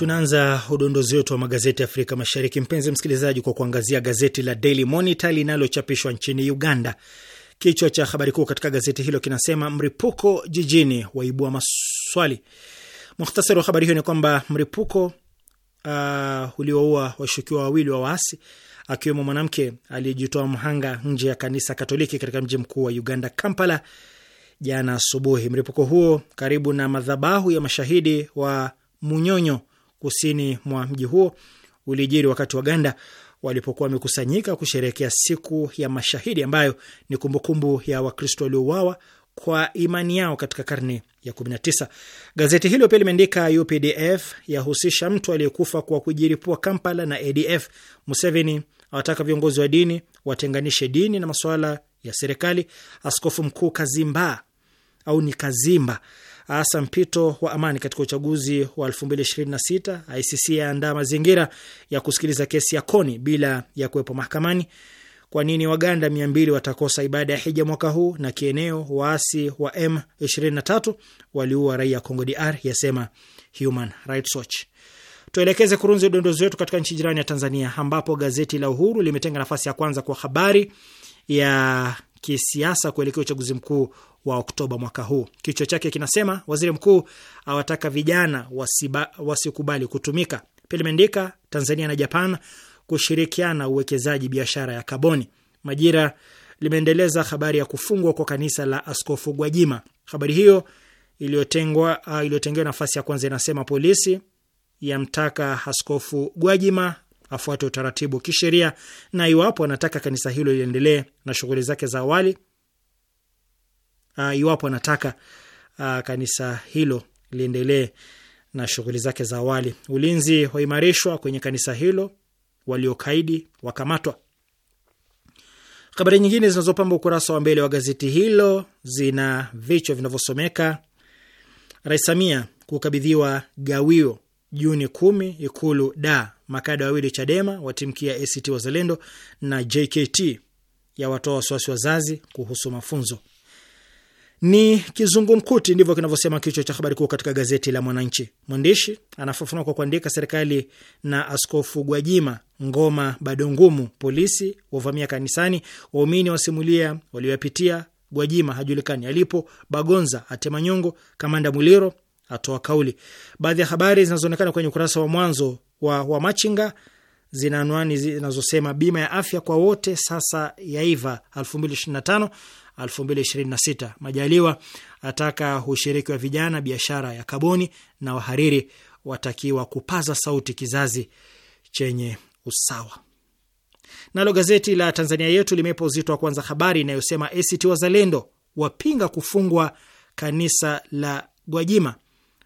Tunaanza udondozi wetu wa magazeti ya Afrika Mashariki, mpenzi msikilizaji, kwa kuangazia gazeti la Daily Monitor linalochapishwa nchini Uganda. Kichwa cha habari kuu katika gazeti hilo kinasema mripuko jijini waibua maswali. Muhtasari wa habari hiyo ni kwamba mripuko uh, uliwaua washukiwa wawili wa waasi akiwemo mwanamke aliyejitoa mhanga nje ya kanisa Katoliki katika mji mkuu wa Uganda, Kampala, jana asubuhi. Mripuko huo karibu na madhabahu ya mashahidi wa Munyonyo kusini mwa mji huo ulijiri wakati Waganda walipokuwa wamekusanyika kusherekea siku ya Mashahidi ambayo ni kumbukumbu ya Wakristo waliouawa kwa imani yao katika karne ya 19. Gazeti hilo pia limeandika UPDF yahusisha mtu aliyekufa kwa kujiripua Kampala na ADF. Museveni awataka viongozi wa dini watenganishe dini na masuala ya serikali. Askofu Mkuu Kazimba au ni Kazimba asa mpito wa amani katika uchaguzi wa 2026. ICC yaandaa mazingira ya kusikiliza kesi ya Koni bila ya kuwepo mahakamani. Kwa nini Waganda 200 watakosa ibada ya hija mwaka huu? Na kieneo, waasi wa M23 waliua raia Kongo DR, yasema Human Rights Watch. Tuelekeze kurunzi udondozi wetu katika nchi jirani ya Tanzania, ambapo gazeti la Uhuru limetenga nafasi ya kwanza kwa habari ya kisiasa kuelekea uchaguzi mkuu wa Oktoba mwaka huu. Kichwa chake kinasema waziri mkuu awataka vijana wasikubali wasikubali kutumika. Pia limeandika Tanzania na Japan kushirikiana uwekezaji biashara ya kaboni. Majira limeendeleza habari ya kufungwa kwa kanisa la Askofu Gwajima. Habari hiyo iliyotengwa uh, iliyotengewa nafasi ya kwanza inasema polisi yamtaka Askofu Gwajima afuate utaratibu kisheria, na iwapo anataka kanisa hilo liendelee na shughuli zake za awali uh, iwapo anataka uh, kanisa hilo liendelee na shughuli zake za awali. Ulinzi waimarishwa kwenye kanisa hilo, waliokaidi wakamatwa. Habari nyingine zinazopamba ukurasa wa mbele wa gazeti hilo zina vichwa vinavyosomeka: Rais Samia kukabidhiwa gawio Juni kumi Ikulu da makada wawili Chadema watimkia ACT Wazalendo na JKT ya watoa wasiwasi wazazi kuhusu mafunzo. Ni kizungumkuti, ndivyo kinavyosema kichwa cha habari kuu katika gazeti la Mwananchi. Mwandishi anafafanua kwa kuandika, serikali na Askofu Gwajima ngoma bado ngumu, polisi wavamia kanisani, waumini wasimulia walioyapitia, Gwajima hajulikani alipo, Bagonza atema nyongo, kamanda Muliro atoa kauli. Baadhi ya habari zinazoonekana kwenye ukurasa wa mwanzo wa Wamachinga zina anwani zinazosema bima ya afya kwa wote sasa yaiva 2025 2026, Majaliwa ataka ushiriki wa vijana biashara ya kaboni, na wahariri watakiwa kupaza sauti kizazi chenye usawa. Nalo gazeti la Tanzania Yetu limepa uzito wa kwanza habari inayosema ACT Wazalendo wapinga kufungwa kanisa la Gwajima.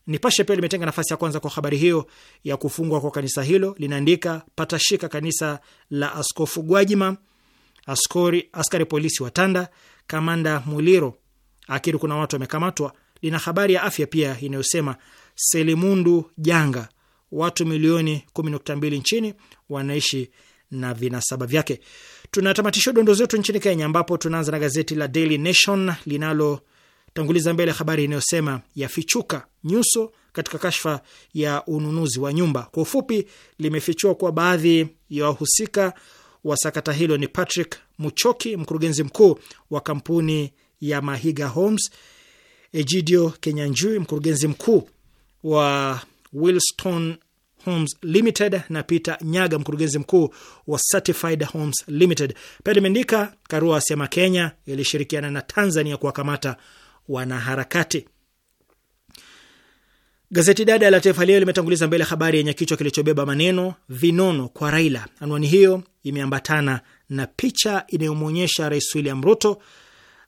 Nipashe pia limetenga nafasi ya kwanza kwa habari hiyo ya kufungwa kwa kanisa hilo. Linaandika patashika kanisa la Askofu Gwajima, askori, askari polisi watanda, kamanda Muliro akiri kuna watu wamekamatwa. Lina habari ya afya pia inayosema selimundu janga, watu milioni 10.2 nchini wanaishi na vinasaba vyake. Tunatamatishia dondoo zetu nchini Kenya, ambapo tunaanza na gazeti la Daily Nation linalo Tanguliza mbele habari inayosema yafichuka nyuso katika kashfa ya ununuzi wa nyumba. Kwa ufupi, limefichua kuwa baadhi ya wahusika wa sakata hilo ni Patrick Muchoki, mkurugenzi mkuu wa kampuni ya Mahiga Homes, Egidio Kenyanjui, mkurugenzi mkuu wa Wilston Homes Limited na Peter Nyaga, mkurugenzi mkuu wa Certified Homes Limited. Pia limeandika Karua asema Kenya ilishirikiana na Tanzania kuwakamata wanaharakati. Gazeti dada la Taifa Leo limetanguliza mbele habari yenye kichwa kilichobeba maneno vinono kwa Raila. Anwani hiyo imeambatana na picha inayomwonyesha Rais William Ruto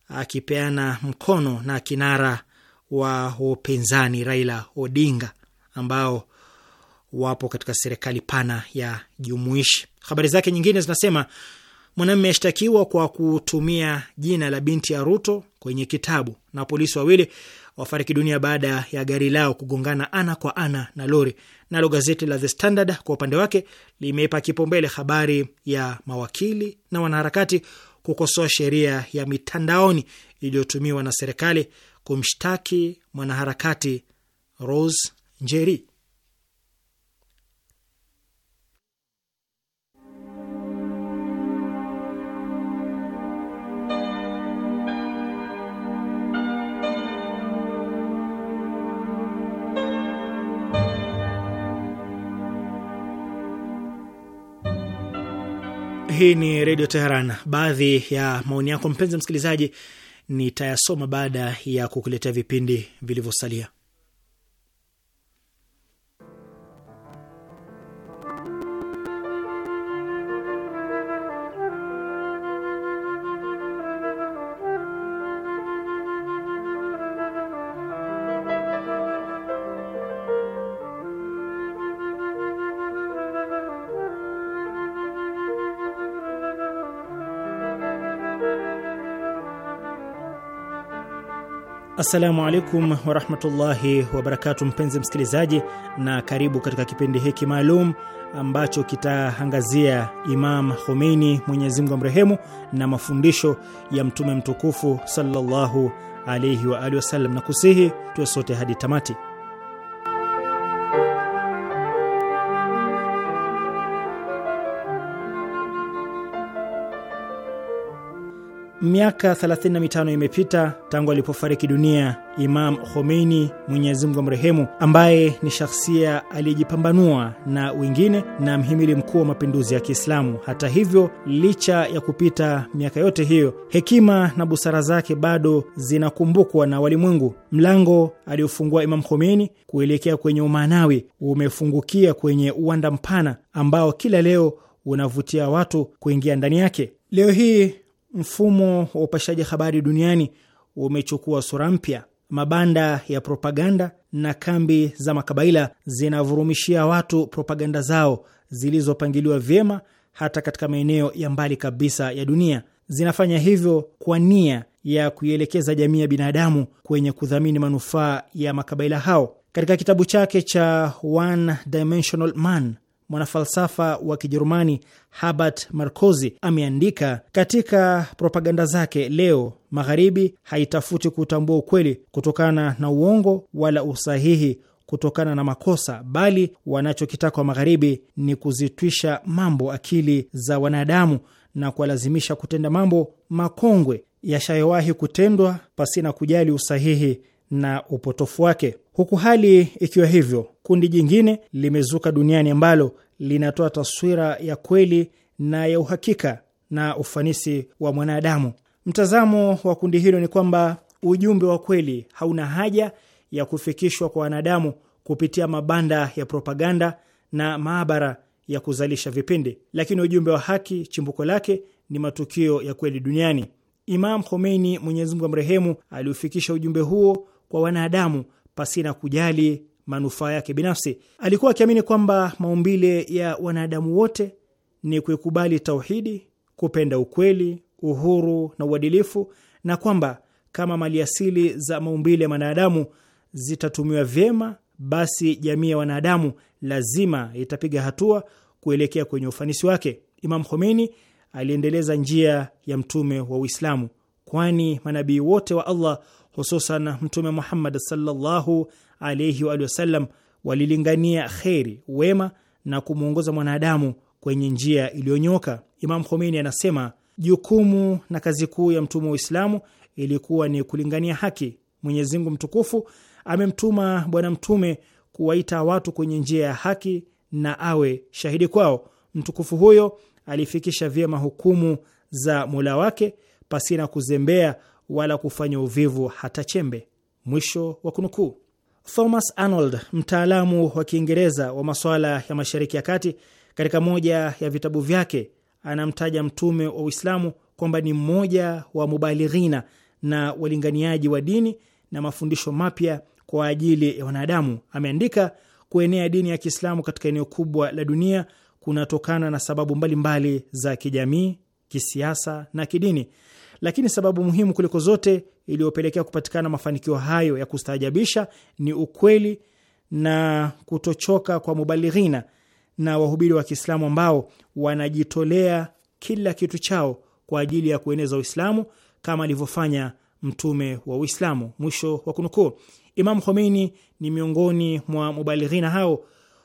akipeana mkono na kinara wa upinzani Raila Odinga ambao wapo katika serikali pana ya jumuishi. Habari zake nyingine zinasema Mwanamme ashtakiwa kwa kutumia jina la binti ya Ruto kwenye kitabu, na polisi wawili wafariki dunia baada ya gari lao kugongana ana kwa ana na lori. Nalo gazeti la The Standard kwa upande wake limeipa kipaumbele habari ya mawakili na wanaharakati kukosoa sheria ya mitandaoni iliyotumiwa na serikali kumshtaki mwanaharakati Rose Njeri. Hii ni Redio Teheran. Baadhi ya maoni yako mpenzi msikilizaji nitayasoma baada ya kukuletea vipindi vilivyosalia. Assalamu alaikum warahmatullahi wabarakatu, mpenzi msikilizaji, na karibu katika kipindi hiki maalum ambacho kitaangazia Imam Khomeini, Mwenyezi Mungu amrehemu, na mafundisho ya Mtume mtukufu sallallahu alaihi wa alihi wasallam, na kusihi tuwe sote hadi tamati. Miaka 35 imepita tangu alipofariki dunia Imam Khomeini, Mwenyezi Mungu amrehemu, ambaye ni shahsia aliyejipambanua na wengine na mhimili mkuu wa mapinduzi ya Kiislamu. Hata hivyo, licha ya kupita miaka yote hiyo, hekima na busara zake bado zinakumbukwa na walimwengu. Mlango aliofungua Imam Khomeini kuelekea kwenye umanawi umefungukia kwenye uwanda mpana ambao kila leo unavutia watu kuingia ndani yake. Leo hii mfumo wa upashaji habari duniani umechukua sura mpya. Mabanda ya propaganda na kambi za makabaila zinavurumishia watu propaganda zao zilizopangiliwa vyema, hata katika maeneo ya mbali kabisa ya dunia. Zinafanya hivyo kwa nia ya kuielekeza jamii ya binadamu kwenye kudhamini manufaa ya makabaila hao. Katika kitabu chake cha One Dimensional Man mwanafalsafa wa Kijerumani Herbert Marcuse ameandika katika propaganda zake, leo Magharibi haitafuti kutambua ukweli kutokana na uongo wala usahihi kutokana na makosa, bali wanachokitaka wa Magharibi ni kuzitwisha mambo akili za wanadamu na kuwalazimisha kutenda mambo makongwe yashayowahi kutendwa pasina kujali usahihi na upotofu wake. Huku hali ikiwa hivyo, kundi jingine limezuka duniani ambalo linatoa taswira ya kweli na ya uhakika na ufanisi wa mwanadamu. Mtazamo wa kundi hilo ni kwamba ujumbe wa kweli hauna haja ya kufikishwa kwa wanadamu kupitia mabanda ya propaganda na maabara ya kuzalisha vipindi, lakini ujumbe wa haki chimbuko lake ni matukio ya kweli duniani. Imam Khomeini, Mwenyezi Mungu amrehemu, aliufikisha ujumbe huo kwa wanadamu pasina kujali manufaa yake binafsi. Alikuwa akiamini kwamba maumbile ya wanadamu wote ni kuikubali tauhidi, kupenda ukweli, uhuru na uadilifu, na kwamba kama maliasili za maumbile ya wanadamu zitatumiwa vyema, basi jamii ya wanadamu lazima itapiga hatua kuelekea kwenye ufanisi wake. Imam Khomeini aliendeleza njia ya mtume wa Uislamu, kwani manabii wote wa Allah hususan Mtume Muhammad sallallahu alaihi wa wasallam walilingania kheri, wema na kumwongoza mwanadamu kwenye njia iliyonyoka. Imam Khomeini anasema jukumu na kazi kuu ya mtume wa Uislamu ilikuwa ni kulingania haki. Mwenyezi Mungu mtukufu amemtuma Bwana Mtume kuwaita watu kwenye njia ya haki na awe shahidi kwao. Mtukufu huyo alifikisha vyema hukumu za Mola wake pasina kuzembea wala kufanya uvivu hata chembe. Mwisho wa kunukuu. Thomas Arnold, mtaalamu wa Kiingereza wa masuala ya Mashariki ya Kati, katika moja ya vitabu vyake anamtaja Mtume wa Uislamu kwamba ni mmoja wa mubalighina na walinganiaji wa dini na mafundisho mapya kwa ajili ya wanadamu. Ameandika, kuenea dini ya Kiislamu katika eneo kubwa la dunia kunatokana na sababu mbalimbali mbali za kijamii, kisiasa na kidini lakini sababu muhimu kuliko zote iliyopelekea kupatikana mafanikio hayo ya kustaajabisha ni ukweli na kutochoka kwa mubalighina na wahubiri wa Kiislamu ambao wanajitolea kila kitu chao kwa ajili ya kueneza Uislamu kama alivyofanya mtume wa Uislamu. Mwisho wa kunukuu. Imam Khomeini ni miongoni mwa mubalighina hao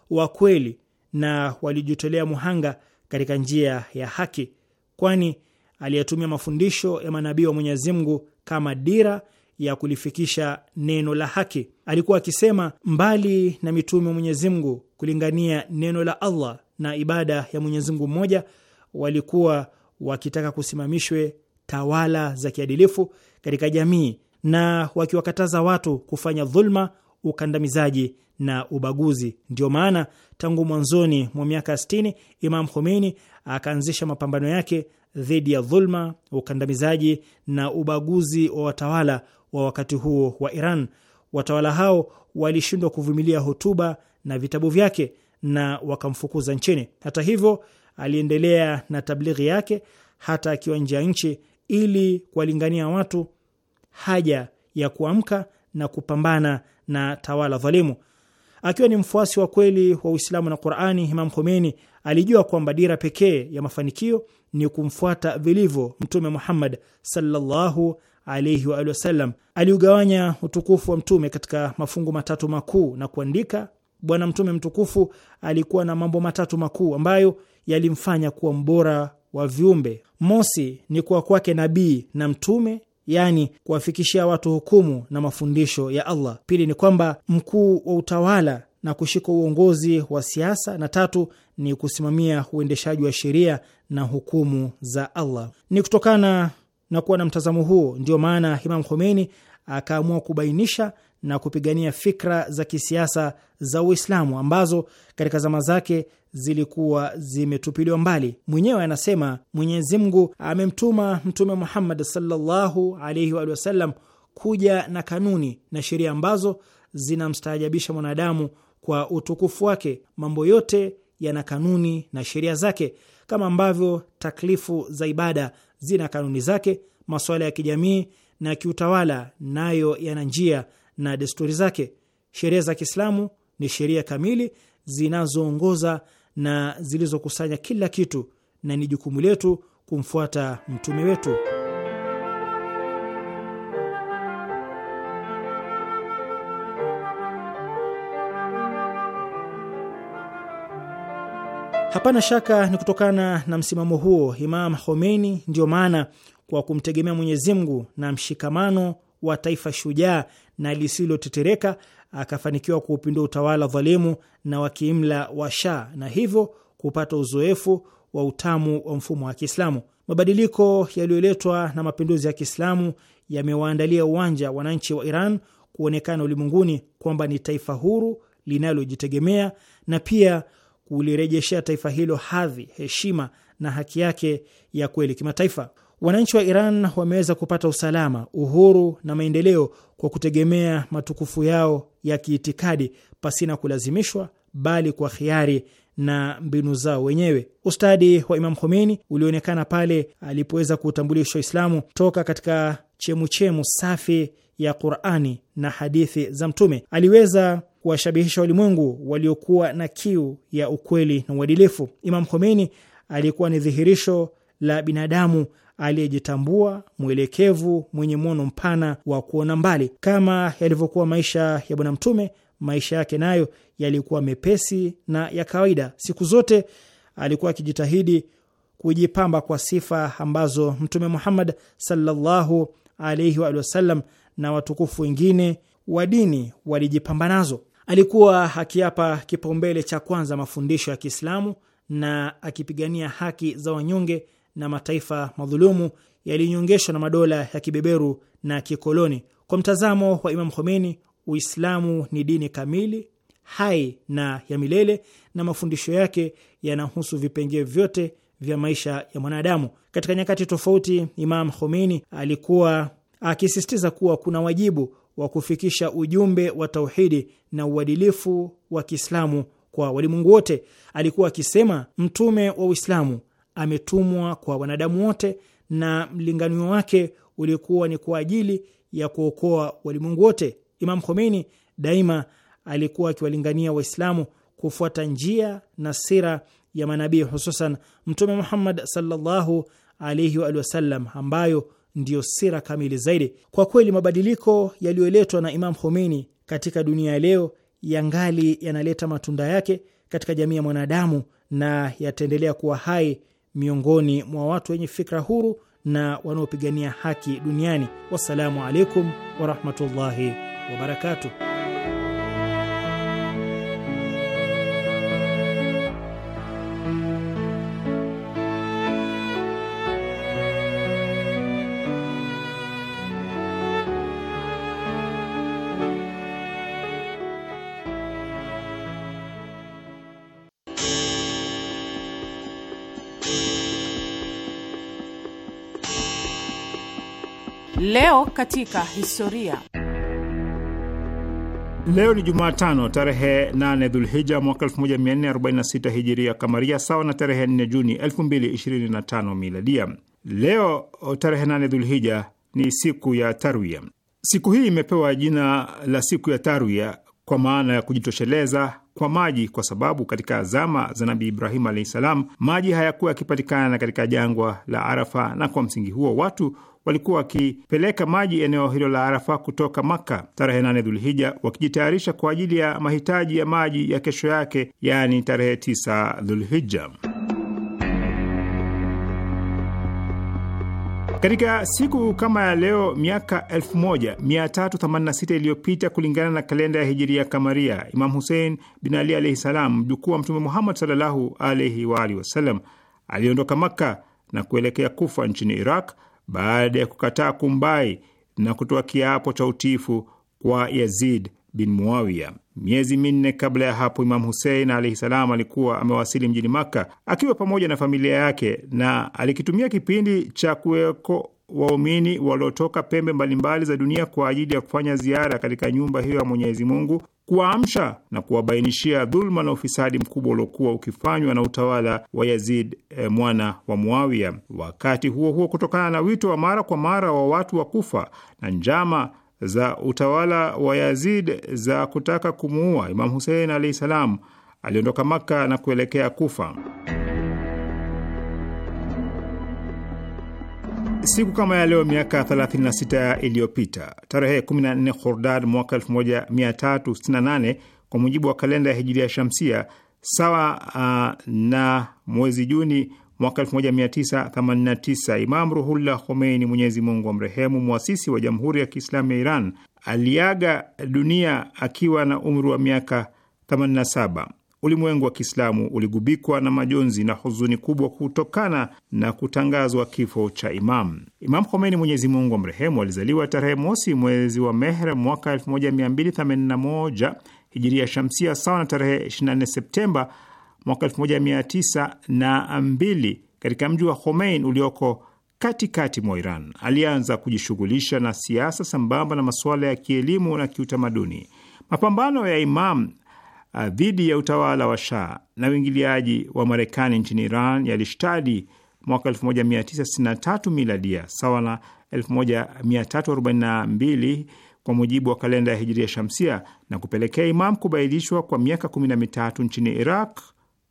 wa kweli na walijitolea muhanga katika njia ya haki, kwani aliyetumia mafundisho ya manabii wa Mwenyezi Mungu kama dira ya kulifikisha neno la haki. Alikuwa akisema, mbali na mitume wa Mwenyezi Mungu kulingania neno la Allah na ibada ya Mwenyezi Mungu mmoja, walikuwa wakitaka kusimamishwe tawala za kiadilifu katika jamii na wakiwakataza watu kufanya dhulma, ukandamizaji na ubaguzi. ndio maana tangu mwanzoni mwa miaka 60 Imam Khomeini akaanzisha mapambano yake dhidi ya dhulma, ukandamizaji na ubaguzi wa watawala wa wakati huo wa Iran. Watawala hao walishindwa kuvumilia hotuba na vitabu vyake na wakamfukuza nchini. Hata hivyo, aliendelea na tablighi yake hata akiwa nje ya nchi ili kuwalingania watu haja ya kuamka na kupambana na tawala dhalimu. Akiwa ni mfuasi wa kweli wa Uislamu na Qurani, Imam Khomeini alijua kwamba dira pekee ya mafanikio ni kumfuata vilivyo Mtume Muhammad sallallahu alaihi wa alihi wasallam. Aliugawanya utukufu wa Mtume katika mafungu matatu makuu na kuandika, Bwana Mtume mtukufu alikuwa na mambo matatu makuu ambayo yalimfanya kuwa mbora wa viumbe. Mosi ni kuwa kwake nabii na mtume, yaani kuwafikishia watu hukumu na mafundisho ya Allah. Pili ni kwamba mkuu wa utawala na kushika uongozi wa siasa, na tatu ni kusimamia uendeshaji wa sheria na hukumu za Allah. Ni kutokana na kuwa na mtazamo huo ndiyo maana Imam Khomeini akaamua kubainisha na kupigania fikra za kisiasa za Uislamu ambazo katika zama zake zilikuwa zimetupiliwa mbali. Mwenyewe anasema Mwenyezi Mungu amemtuma Mtume Muhammad sallallahu alaihi wa sallam kuja na kanuni na sheria ambazo zinamstaajabisha mwanadamu kwa utukufu wake. Mambo yote yana kanuni na sheria zake kama ambavyo taklifu za ibada zina kanuni zake, masuala ya kijamii na kiutawala nayo yana njia na desturi zake. Sheria za Kiislamu ni sheria kamili zinazoongoza na zilizokusanya kila kitu, na ni jukumu letu kumfuata mtume wetu. Hapana shaka ni kutokana na msimamo huo Imam Khomeini, ndiyo maana kwa kumtegemea Mwenyezi Mungu na mshikamano wa taifa shujaa na lisilotetereka akafanikiwa kuupindua utawala dhalimu na wakiimla wa Shah na hivyo kupata uzoefu wa utamu wa mfumo wa Kiislamu. Mabadiliko yaliyoletwa na mapinduzi ya Kiislamu yamewaandalia uwanja wananchi wa Iran kuonekana ulimwenguni kwamba ni taifa huru linalojitegemea na pia ulirejeshea taifa hilo hadhi, heshima na haki yake ya kweli kimataifa. Wananchi wa Iran wameweza kupata usalama, uhuru na maendeleo kwa kutegemea matukufu yao ya kiitikadi pasina kulazimishwa, bali kwa hiari na mbinu zao wenyewe. Ustadi wa Imam Khomeini ulionekana pale alipoweza kuutambulisha Uislamu toka katika chemuchemu safi ya Qurani na hadithi za Mtume. Aliweza kuwashabihisha walimwengu waliokuwa na kiu ya ukweli na uadilifu. Imam Khomeini alikuwa ni dhihirisho la binadamu aliyejitambua, mwelekevu, mwenye mwono mpana wa kuona mbali. Kama yalivyokuwa maisha ya Bwana Mtume, maisha yake nayo yalikuwa mepesi na ya kawaida. Siku zote alikuwa akijitahidi kujipamba kwa sifa ambazo Mtume Muhammad sallallahu alaihi wa wasallam na watukufu wengine wa dini walijipamba nazo. Alikuwa akiapa kipaumbele cha kwanza mafundisho ya Kiislamu na akipigania haki za wanyonge na mataifa madhulumu yaliyonyongeshwa na madola ya kibeberu na kikoloni. Kwa mtazamo wa Imam Khomeini, Uislamu ni dini kamili, hai na ya milele, na mafundisho yake yanahusu vipengee vyote vya maisha ya mwanadamu. Katika nyakati tofauti, Imam Khomeini alikuwa akisisitiza kuwa kuna wajibu wa kufikisha ujumbe wa tauhidi na uadilifu wa Kiislamu kwa walimwengu wote. Alikuwa akisema, mtume wa Uislamu ametumwa kwa wanadamu wote na mlinganio wake ulikuwa ni kwa ajili ya kuokoa walimwengu wote. Imam Khomeini daima alikuwa akiwalingania Waislamu kufuata njia na sira ya manabii hususan Mtume Muhammad sallallahu alaihi wa sallam, ambayo ndiyo sira kamili zaidi. Kwa kweli, mabadiliko yaliyoletwa na Imam Khomeini katika dunia ya leo yangali yanaleta matunda yake katika jamii ya mwanadamu na yataendelea kuwa hai miongoni mwa watu wenye fikra huru na wanaopigania haki duniani. Wassalamu alaikum warahmatullahi wabarakatuh. Leo katika historia. Leo ni Jumatano tarehe 8 Dhulhija mwaka 1446 hijiria kamaria, sawa na tarehe 4 Juni 2025 miladia. Leo tarehe 8 Dhulhija ni siku ya Tarwia. Siku hii imepewa jina la siku ya Tarwia kwa maana ya kujitosheleza kwa maji, kwa sababu katika zama za Nabii Ibrahimu alahi salam maji hayakuwa yakipatikana katika jangwa la Arafa, na kwa msingi huo watu walikuwa wakipeleka maji eneo hilo la Arafa kutoka Makka tarehe nane Dhulhija, wakijitayarisha kwa ajili ya mahitaji ya maji ya kesho yake, yaani tarehe tisa Dhulhija. Katika siku kama ya leo miaka 1386 iliyopita kulingana na kalenda ya hijiria kamaria, Imam husein bin Ali alaihi salam, mjukuu wa Mtume Muhammad sallallahu alaihi waalihi wasallam, aliondoka Makka na kuelekea Kufa nchini Iraq baada ya kukataa kumbai na kutoa kiapo cha utiifu kwa Yazid bin Muawiya. Miezi minne kabla ya hapo, Imam Husein alaihi salam alikuwa amewasili mjini Makka akiwa pamoja na familia yake, na alikitumia kipindi cha kuweko waumini waliotoka pembe mbalimbali za dunia kwa ajili ya kufanya ziara katika nyumba hiyo ya Mwenyezi Mungu, kuwaamsha na kuwabainishia dhuluma na ufisadi mkubwa uliokuwa ukifanywa na utawala wa Yazid e, mwana wa Muawiya. Wakati huo huo, kutokana na wito wa mara kwa mara wa watu wa Kufa na njama za utawala wa Yazid za kutaka kumuua Imam Husein alahi salam, aliondoka Maka na kuelekea Kufa. Siku kama ya leo miaka 36 iliyopita, tarehe 14 Khordad mwaka 1368 kwa mujibu wa kalenda ya Hijiria Shamsia, sawa uh, na mwezi Juni mwaka 1989, Imam Ruhullah Khomeini, Mwenyezi Mungu wa mrehemu, mwasisi wa Jamhuri ya Kiislamu ya Iran, aliaga dunia akiwa na umri wa miaka 87 ulimwengu wa Kiislamu uligubikwa na majonzi na huzuni kubwa kutokana na kutangazwa kifo cha Imam Imam Khomeini, Mwenyezi Mungu amrehemu. Alizaliwa tarehe mosi mwezi wa Mehr mwaka 1281 hijiria shamsia, sawa na tarehe 24 Septemba mwaka 1902 katika mji wa Khomein ulioko katikati mwa Iran. Alianza kujishughulisha na siasa sambamba na masuala ya kielimu na kiutamaduni. Mapambano ya Imam Eh, dhidi ya utawala wa Shah na uingiliaji wa Marekani nchini Iran yalishtadi mwaka 1963 miladia sawa na 1342 kwa mujibu wa kalenda ya Hijiria Shamsia na kupelekea Imam kubaidishwa kwa miaka 13 nchini Iraq,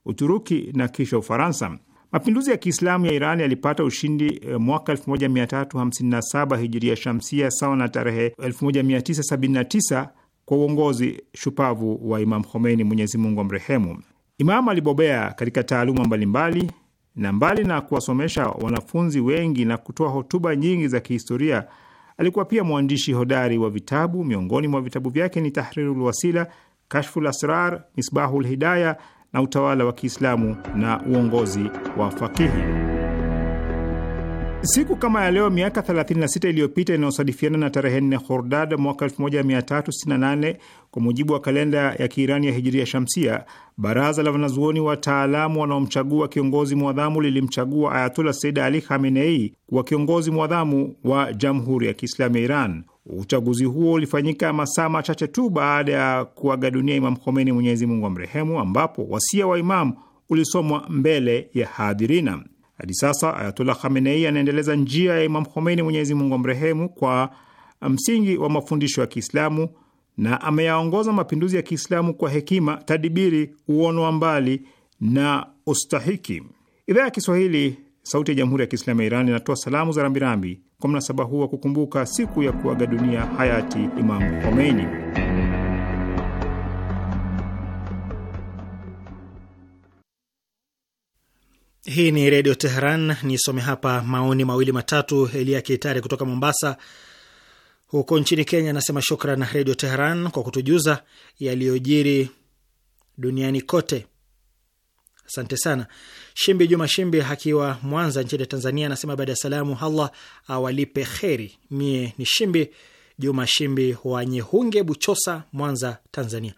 Uturuki na kisha Ufaransa. Mapinduzi ya Kiislamu ya Iran yalipata ushindi eh, mwaka 1357 Hijiria Shamsia sawa na tarehe 1979 kwa uongozi shupavu wa Imam Khomeini, Mwenyezi Mungu amrehemu. Imam alibobea katika taaluma mbalimbali na mbali na kuwasomesha wanafunzi wengi na kutoa hotuba nyingi za kihistoria, alikuwa pia mwandishi hodari wa vitabu. Miongoni mwa vitabu vyake ni Tahrirul Wasila, Kashful Asrar, Misbahul Hidaya na Utawala wa Kiislamu na Uongozi wa Fakihi. Siku kama ya leo miaka 36 iliyopita inayosadifiana na tarehe 4 Hordad mwaka 1368 kwa mujibu wa kalenda ya Kiirani ya Hijiria Shamsia, baraza la wanazuoni wataalamu wanaomchagua kiongozi mwadhamu lilimchagua Ayatullah Said Ali Khamenei kuwa kiongozi mwadhamu wa Jamhuri ya Kiislamu ya Iran. Uchaguzi huo ulifanyika masaa machache tu baada ya kuaga dunia Imam Khomeini, Mwenyezi Mungu amrehemu, ambapo wasia wa Imam ulisomwa mbele ya hadhirina. Hadi sasa ayatullah Khamenei anaendeleza njia ya Imam Khomeini, Mwenyezi Mungu amrehemu, kwa msingi wa mafundisho ya Kiislamu na ameyaongoza mapinduzi ya Kiislamu kwa hekima, tadibiri, uono wa mbali na ustahiki. Idhaa ya Kiswahili Sauti ya Jamhuri ya Kiislamu ya Iran inatoa salamu za rambirambi kwa mnasaba huu wa kukumbuka siku ya kuaga dunia hayati Imam Khomeini. Hii ni Redio Teheran. Nisome hapa maoni mawili matatu. Elia Kitare kutoka Mombasa huko nchini Kenya anasema shukran Redio Teheran kwa kutujuza yaliyojiri duniani kote. Asante sana. Shimbi Juma Shimbi akiwa Mwanza nchini Tanzania anasema baada ya salamu, Allah awalipe kheri. Mie ni Shimbi Juma Shimbi wa Nyehunge, Buchosa, Mwanza, Tanzania.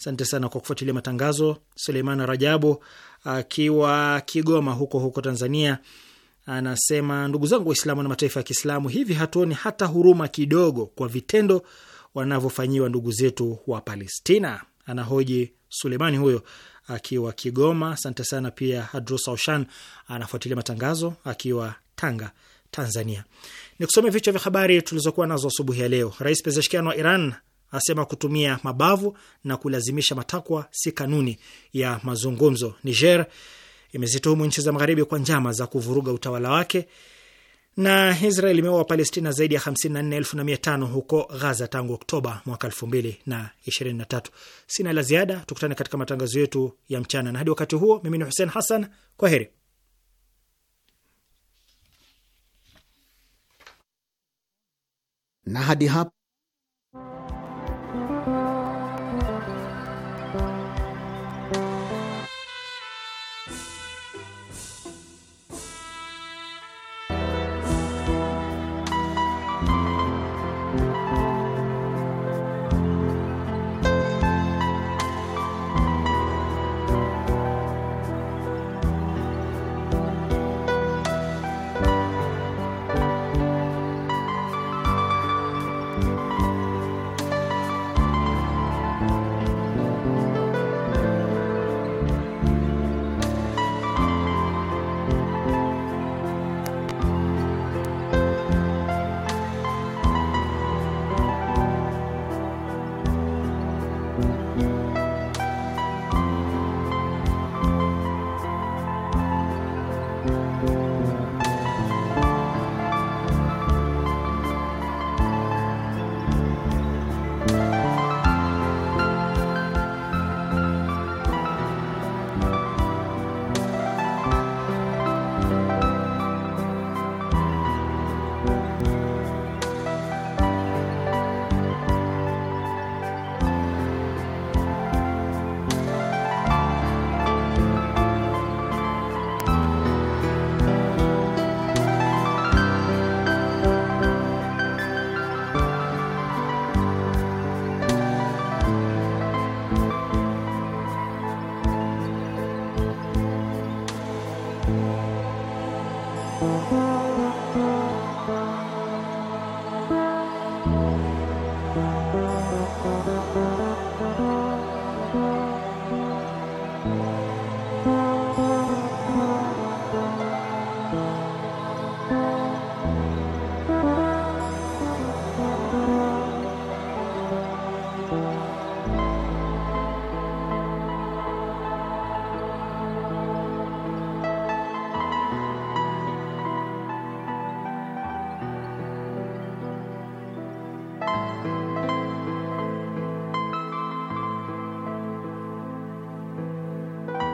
Asante sana kwa kufuatilia matangazo. Suleiman Rajabu akiwa Kigoma huko huko Tanzania, anasema ndugu zangu Waislamu na mataifa ya Kiislamu, hivi hatuoni hata huruma kidogo kwa vitendo wanavyofanyiwa ndugu zetu wa Palestina? Anahoji Sulemani huyo akiwa Kigoma. Asante sana. Pia Adrusa Oshan anafuatilia matangazo akiwa Tanga, Tanzania. Nikusome vichwa vya habari tulizokuwa nazo asubuhi ya leo. Rais Pezeshkian wa Iran asema kutumia mabavu na kulazimisha matakwa si kanuni ya mazungumzo. Niger imezituhumu nchi za magharibi kwa njama za kuvuruga utawala wake, na Israel imeua Wapalestina zaidi ya 54,500 huko Gaza tangu Oktoba mwaka 2023. Sina la ziada, tukutane katika matangazo yetu ya mchana, na hadi wakati huo, mimi ni Hussein Hassan, kwa heri. Na hadi hapa